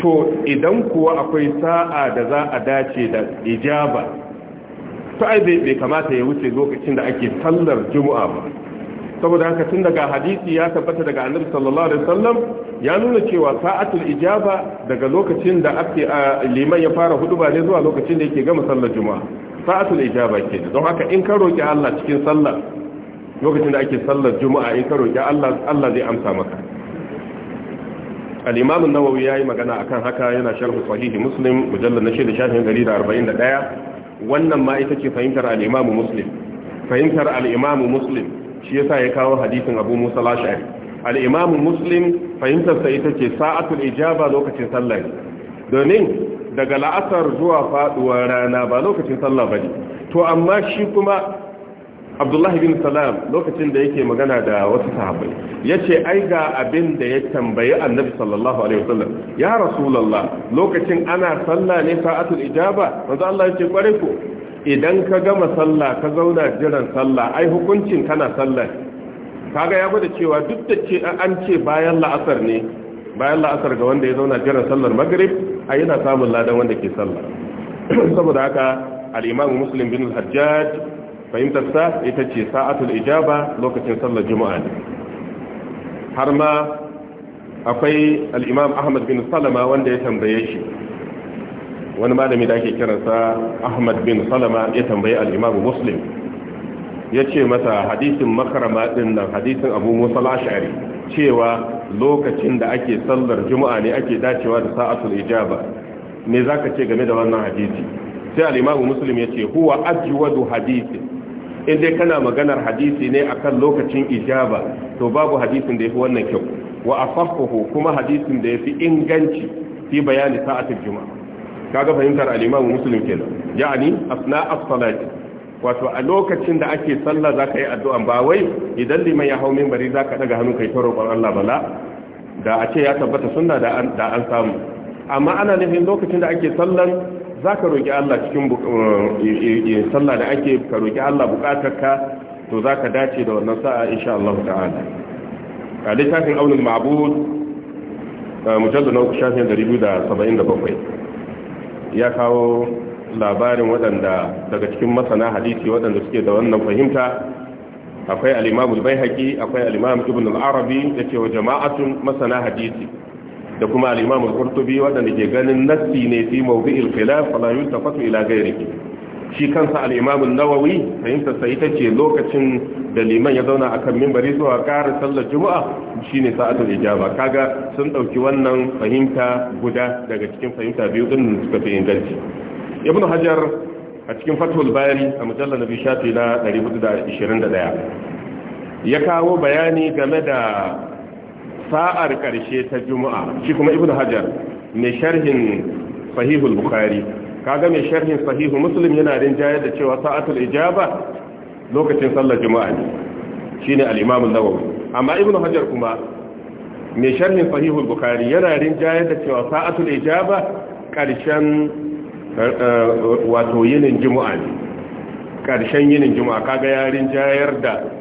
to idan kuwa akwai sa'a da za a dace da ijaba to ai bai kamata ya wuce lokacin da ake sallar juma'a ba saboda haka tun daga hadisi ya tabbata daga annabi sallallahu alaihi wasallam ya nuna cewa sa'atul ijaba daga lokacin da ake liman ya fara huduba ne zuwa lokacin da yake gama sallar juma'a sa'atul ijaba kenan don haka in ka roki Allah cikin sallar lokacin da ake sallar juma'a in ka roki Allah Allah zai amsa maka al-imam an-nawawi yayi magana akan haka yana sharh sahih muslim mujallal na shida da 141 wannan ma ita ce fahimtar al-imam fahimtar al-imam muslim shi yasa ya kawo hadisin abu musa al-ash'ari al-imam muslim fahimtar sa ita ce sa'atul ijaba lokacin sallah domin daga la'asar zuwa faduwar rana ba lokacin sallah bane to amma shi kuma abdullahi bin salam lokacin da yake magana da wasu sahabai ya ce ai ga abin da ya tambayi annabi sallallahu alaihi wasallam ya rasulallah lokacin ana sallah ne sa'atul ijaba manzo Allah ya ce kware ku idan ka gama sallah ka zauna jiran sallah ai hukuncin kana sallah kaga ya gwada cewa duk da ce an ce bayan la'asar ne bayan la'asar ga wanda ya zauna jiran sallar maghrib ai yana samun ladan wanda ke sallah saboda haka al-imam muslim bin al-hajjaj fahimtarsa ita ce sa'atul ijaba lokacin sallar juma'a ne har ma akwai al'imam ahmad bin salama wanda ya tambaye shi wani malami da ake kiransa ahmad bin salama ya tambaye al'imam muslim ya ce mata hadisin makarama ɗin nan hadisin abu musa ashari cewa lokacin da ake sallar juma'a ne ake dacewa da sa'atul ijaba za ka ce game da wannan hadisi sai al'imamu muslim ya ce huwa ajwadu hadisi in dai kana maganar hadisi ne akan lokacin ijaba to babu hadisin da yafi wannan kyau wa kuma hadisin da yafi inganci fi bayani sa'atul juma'a kaga fahimtar al-Imam Muslim kenan yani asna as wato a lokacin da ake sallah za yi addu'a ba wai idan liman ya hau minbari za daga hannu kai ta kan Allah bala da a ce ya tabbata suna da an samu amma ana nufin lokacin da ake sallan za ka roƙi Allah cikin eh, eh, eh, sallah da ake ka roƙi Allah buƙatarka to za ka dace da wannan sa'a insha Allah ta'ala a littafin aunin ma'abud mujallar na uku shafin bakwai ya kawo labarin waɗanda daga cikin masana hadisi waɗanda suke da wannan fahimta akwai al'imamul bai haƙi akwai al'imam ibn arabi da cewa jama'atun masana hadisi da kuma al-imam waɗanda ke ganin nassi ne fi mawdi'il khilaf fala yuntafatu ila gairi. shi kansa al-imam nawawi fahimta sai ta ce lokacin da liman ya zauna a kan mimbari zuwa ƙara sallar juma'a ne sa'atul ijaba kaga sun ɗauki wannan fahimta guda daga cikin fahimta biyu din suka fi inganci ibnu hajar a cikin fathul bayani a mujallar nabi shafi na 421 ya kawo bayani game da sa'ar ƙarshe ta juma'a shi kuma ibn hajar mai sharhin sahihul bukari kaga mai sharhin sahihul musulun yana jayar da cewa sa'atul ijaba lokacin sallar juma'a ne shi ne al’imamun an amma ibn hajar kuma mai sharhin sahihul bukari yana jayar da cewa sa'atul ijaba ƙarshen eh, wato yinin juma'a ne ƙarshen yinin juma'a kaga ya rinjayar da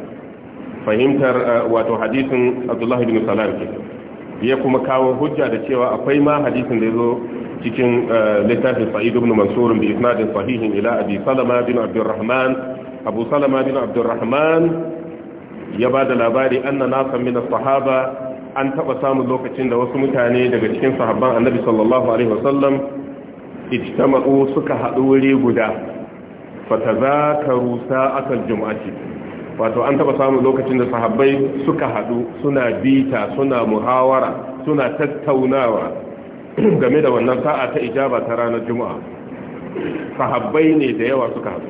fahimtar eh, wato hadisin abdullahi bin salam ke ya kuma kawo hujja da cewa akwai ma hadisin da ya zo cikin eh, littafin sa'id ibn mansur bi isnadin sahihin ila abi salama bin abdurrahman abu salama bin abdurrahman ya ba da labari anna nasan min sahaba an taba samun lokacin da wasu mutane daga cikin sahabban annabi sallallahu alaihi wasallam ijtama'u suka haɗu wuri guda fatazakaru juma'a ce. wato an taba samun lokacin da sahabbai suka hadu suna bita suna muhawara suna tattaunawa game da wannan sa'a ta ijaba ta ranar juma'a sahabbai ne da yawa suka hadu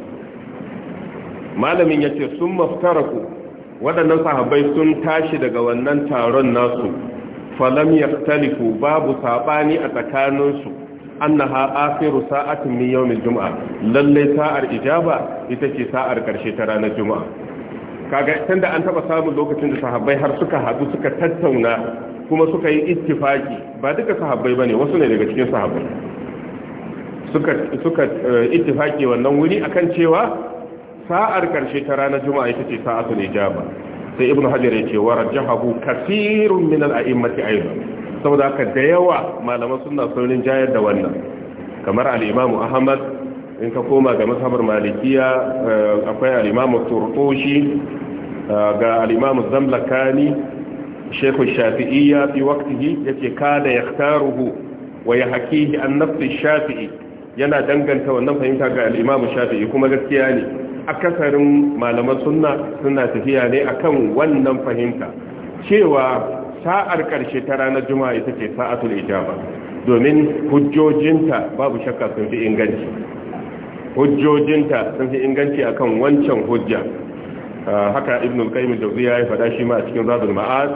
malamin ya ce sun maftaraku waɗannan sahabbai sun tashi daga wannan taron nasu falam yaktaliku babu saɓani a tsakaninsu annaha akhiru sa'atin min yawmil juma'a. lalle sa'ar ijaba ita ce sa'ar ƙarshe ta ranar juma'a kaga tunda an taba samun lokacin da sahabbai har suka haɗu suka tattauna kuma suka yi ittifaki ba duka sahabbai bane wasu ne daga cikin sahabbai suka suka eh, ittifaki wannan wuri akan cewa sa'ar karshe ta ranar juma'a ita ce ne ijaba sai ibnu hajar yace wa rajahahu kaseerun min al-a'immati aidan saboda haka da yawa malaman sunna sun jayar da wannan kamar al-imamu ahmad in ka koma ga masabar malikiya eh, akwai alimamu turkoshi eh, ga alimamu zamlakani shafi'i ya fi waktihi yace kada yaktaruhu wa yahkihi an nafi shafi'i yana danganta wannan fahimta ga alimamu shafi'i kuma gaskiya ne akasarin malaman sunna suna tafiya ne akan wannan fahimta cewa sa'ar ƙarshe ta ranar juma'a ita ce sa'atul ijaba domin hujjojinta babu shakka sun fi inganci hujjojinta sun fi inganci akan wancan hujja ah, haka ibn al-qayyim ya faɗa shi ma a cikin zadul ma'ad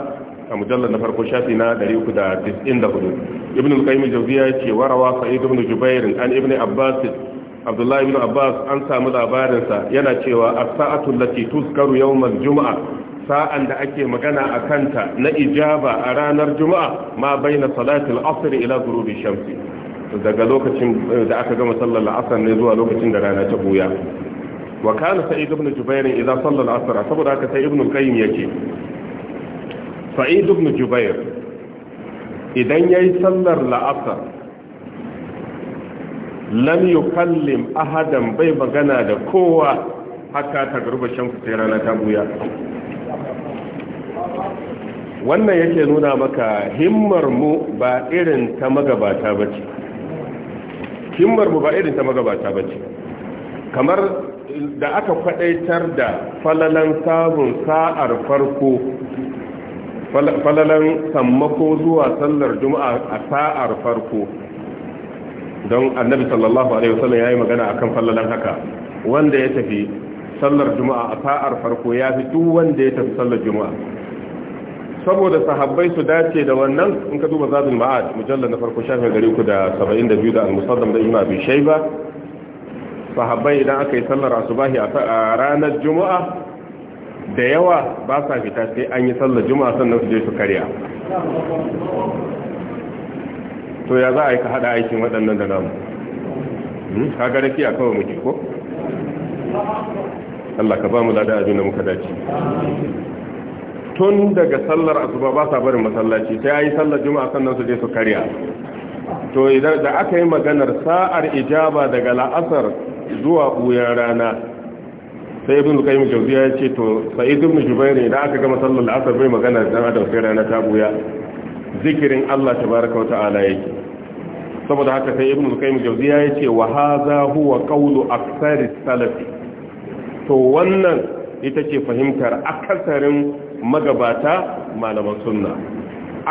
a mujallar na farko shafi na 394 ibn al-qayyim al-jawziya ce warawa sa'id ibn jubair an ibn abbas abdullahi ibn abbas an samu labarin sa yana cewa as-sa'atu allati tuzkaru yawm al-jum'a sa'an da ake magana a kanta na ijaba a ranar juma'a ma baina salati al-asr ila ghurubi shamsi daga lokacin eh, da aka gama sallar la'asar ne zuwa lokacin da rana ta buya wa kana sai ibn jubair idan sallar la'asar saboda haka sai ibn qayyim yake sa'id ibn jubair idan yayi sallar la'asar lam yukallim ahadan bai magana da kowa haka ta garba shamsu sai rana ta buya wannan yake nuna maka himmar mu ba irin ta magabata bace himmar mu ba irin ta magabata bace kamar da aka kwadaitar da falalan samun sa'ar farko falalan sammako zuwa sallar juma'a a sa'ar farko don annabi sallallahu alaihi wasallam yayi magana akan falalan haka wanda ya tafi sallar juma'a a sa'ar farko ya fi duk wanda ya tafi sallar juma'a saboda sahabbai su dace da wannan in ka duba zadul ma'ad mujalla na farko shafin gari ku da 72 da al-musaddam da imam bi shayba sahabbai idan aka yi sallar asubahi a ranar juma'a da yawa ba sa fita sai an yi sallar juma'a sannan su je su karya to ya za a yi ka hada aikin waɗannan da namu hmm? ka ga rafi a kawai muke ko Allah ka ba mu lada abin da muka dace tun daga sallar asuba ba sa barin masallaci sai yi sallar juma'a sannan su je su karya to idan da aka yi maganar sa'ar ijaba daga la'asar zuwa buyan rana sai ibn qayyim jawziya ya ce to sa'id ibn jubair idan aka gama sallar la'asar bai magana dan adam sai rana ta buya zikirin Allah tabaaraka ta'ala yake saboda haka sai ibn qayyim jawziya ya ce wa hadha huwa qawlu aktsari salafi to wannan ita ce fahimtar akasarin magabata malaman sunna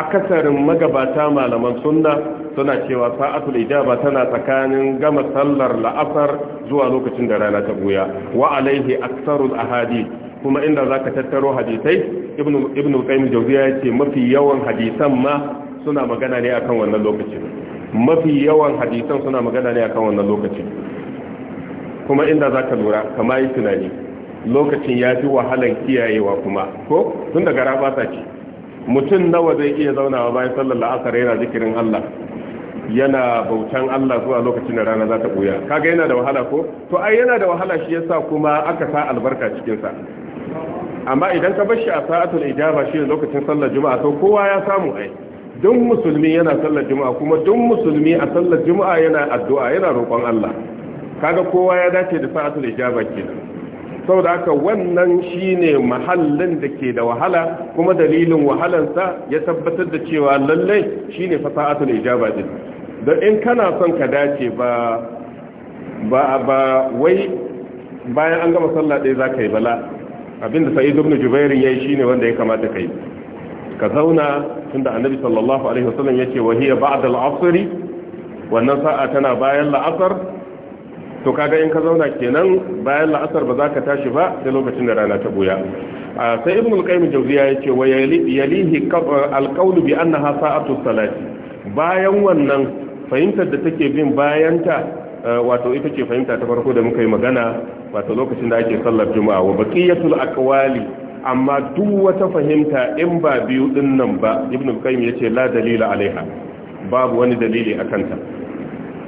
akasarin magabata malaman sunna suna cewa sa'atul ijaba tana tsakanin gama sallar la'asar zuwa lokacin da rana ta buya wa alaihi aksarul ahadith kuma inda zaka tattaro hadisai ibnu ibnu qayyim jawziya yace mafi yawan hadisan ma suna magana ne akan wannan lokacin mafi yawan hadisan suna magana ne akan wannan lokacin kuma inda zaka lura kama yi tunani lokacin ya fi wahalar kiyayewa kuma ko tun daga raba ta ce mutum nawa zai iya zaunawa bayan sallar la'asar yana zikirin Allah yana bautan Allah zuwa lokacin da rana za ta buya kaga yana da wahala ko to ai yana da wahala shi yasa kuma aka sa albarka cikinsa. sa amma idan ka bar shi a sa'atul ijaba shi lokacin sallar juma'a to kowa ya samu ai duk musulmi yana sallar juma'a kuma duk musulmi a sallar juma'a yana addu'a yana roƙon Allah kaga kowa ya dace da sa'atul ijaba kenan saboda haka wannan shine mahallin da ke da wahala kuma dalilin wahalansa ya tabbatar da cewa lallai shine fasa'atul ijaba din da in kana son ka dace ba ba ba wai bayan an gama sallah ɗaya zaka yi bala abinda sa'id ibn jubair yayi shine wanda ya kamata kai ka zauna tunda annabi sallallahu alaihi wasallam yace wa hiya ba'da al-'asr wannan sa'a tana bayan la'asar to kaga in ka zauna kenan bayan la'asar ba za ka tashi ba sai lokacin da rana ta buya sai ibn al-qayyim jawziya yace wa yalihi al-qawl bi annaha sa'atu salati bayan wannan fahimtar da take bin bayanta wato ita ce fahimta ta farko da muka yi magana wato lokacin da ake sallar juma'a wa baqiyatul aqwali amma duk wata fahimta in ba biyu din nan ba ibn qayyim yace la dalila alaiha babu wani dalili kanta.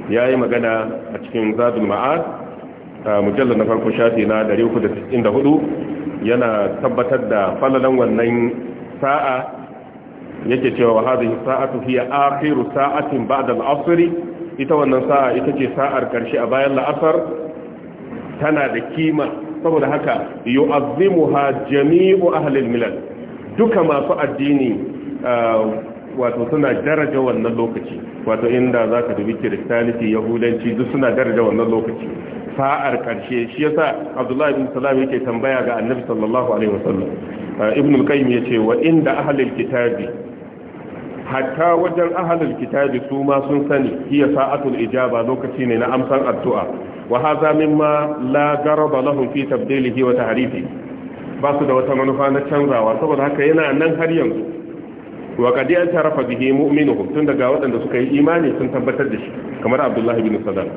ya yi magana a cikin zadul ma'ad mujallar na farko shafi na 394 yana tabbatar da falalan wannan sa'a yake cewa wa hadhihi sa'atu hiya akhiru sa'atin ba'da da asr ita wannan sa'a ita ce sa'ar karshe a bayan la'asar tana da kima saboda haka yu'azzimuha jami'u ahli milal duka masu addini wato suna daraja wannan lokaci wato inda za ka dubi kiristaniti yahudanci duk suna daraja wannan lokaci sa'ar karshe shi yasa abdullahi ibn salam yake tambaya ga annabi sallallahu alaihi wasallam uh, ibn al-qayyim ce wa inda ahlul kitabi hatta wajen ahlul kitabi su ma sun sani hiya sa'atul ijaba lokaci ne na amsan addu'a wa hadha mimma la garaba lahum fi tabdilihi wa tahrifi ba su da wata manufa na canzawa saboda haka yana nan har yanzu وقد اعترف به مؤمنهم تند غا ودان دسك ايماني سن تبتر دشي كمر عبد الله بن صدر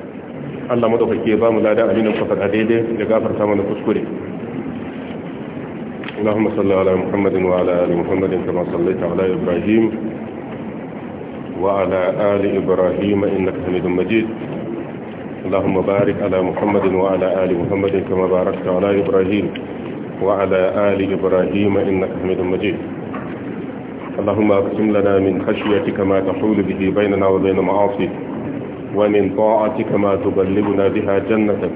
الله مدوكي با مولادا امين فقط اديده لغفر ثمن كسكري اللهم صل على محمد وعلى ال محمد كما صليت على ابراهيم وعلى ال ابراهيم انك حميد مجيد اللهم بارك على محمد وعلى ال محمد كما باركت على ابراهيم وعلى ال ابراهيم انك حميد مجيد اللهم اقسم لنا من خشيتك ما تحول به بيننا وبين معاصيك ومن طاعتك ما تبلغنا بها جنتك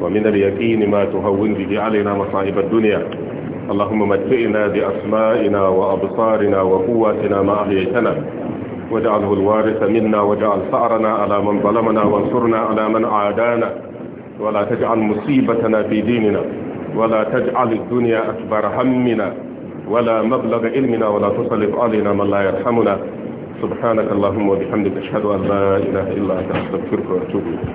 ومن اليقين ما تهون به علينا مصائب الدنيا اللهم متئنا بأسمائنا وأبصارنا وقواتنا ما أحييتنا واجعله الوارث منا واجعل ثأرنا على من ظلمنا وانصرنا على من عادانا ولا تجعل مصيبتنا في ديننا ولا تجعل الدنيا أكبر همنا ولا مبلغ علمنا ولا تسلط علينا من لا يرحمنا سبحانك اللهم وبحمدك أشهد أن لا إله إلا أنت أستغفرك وأتوب إليك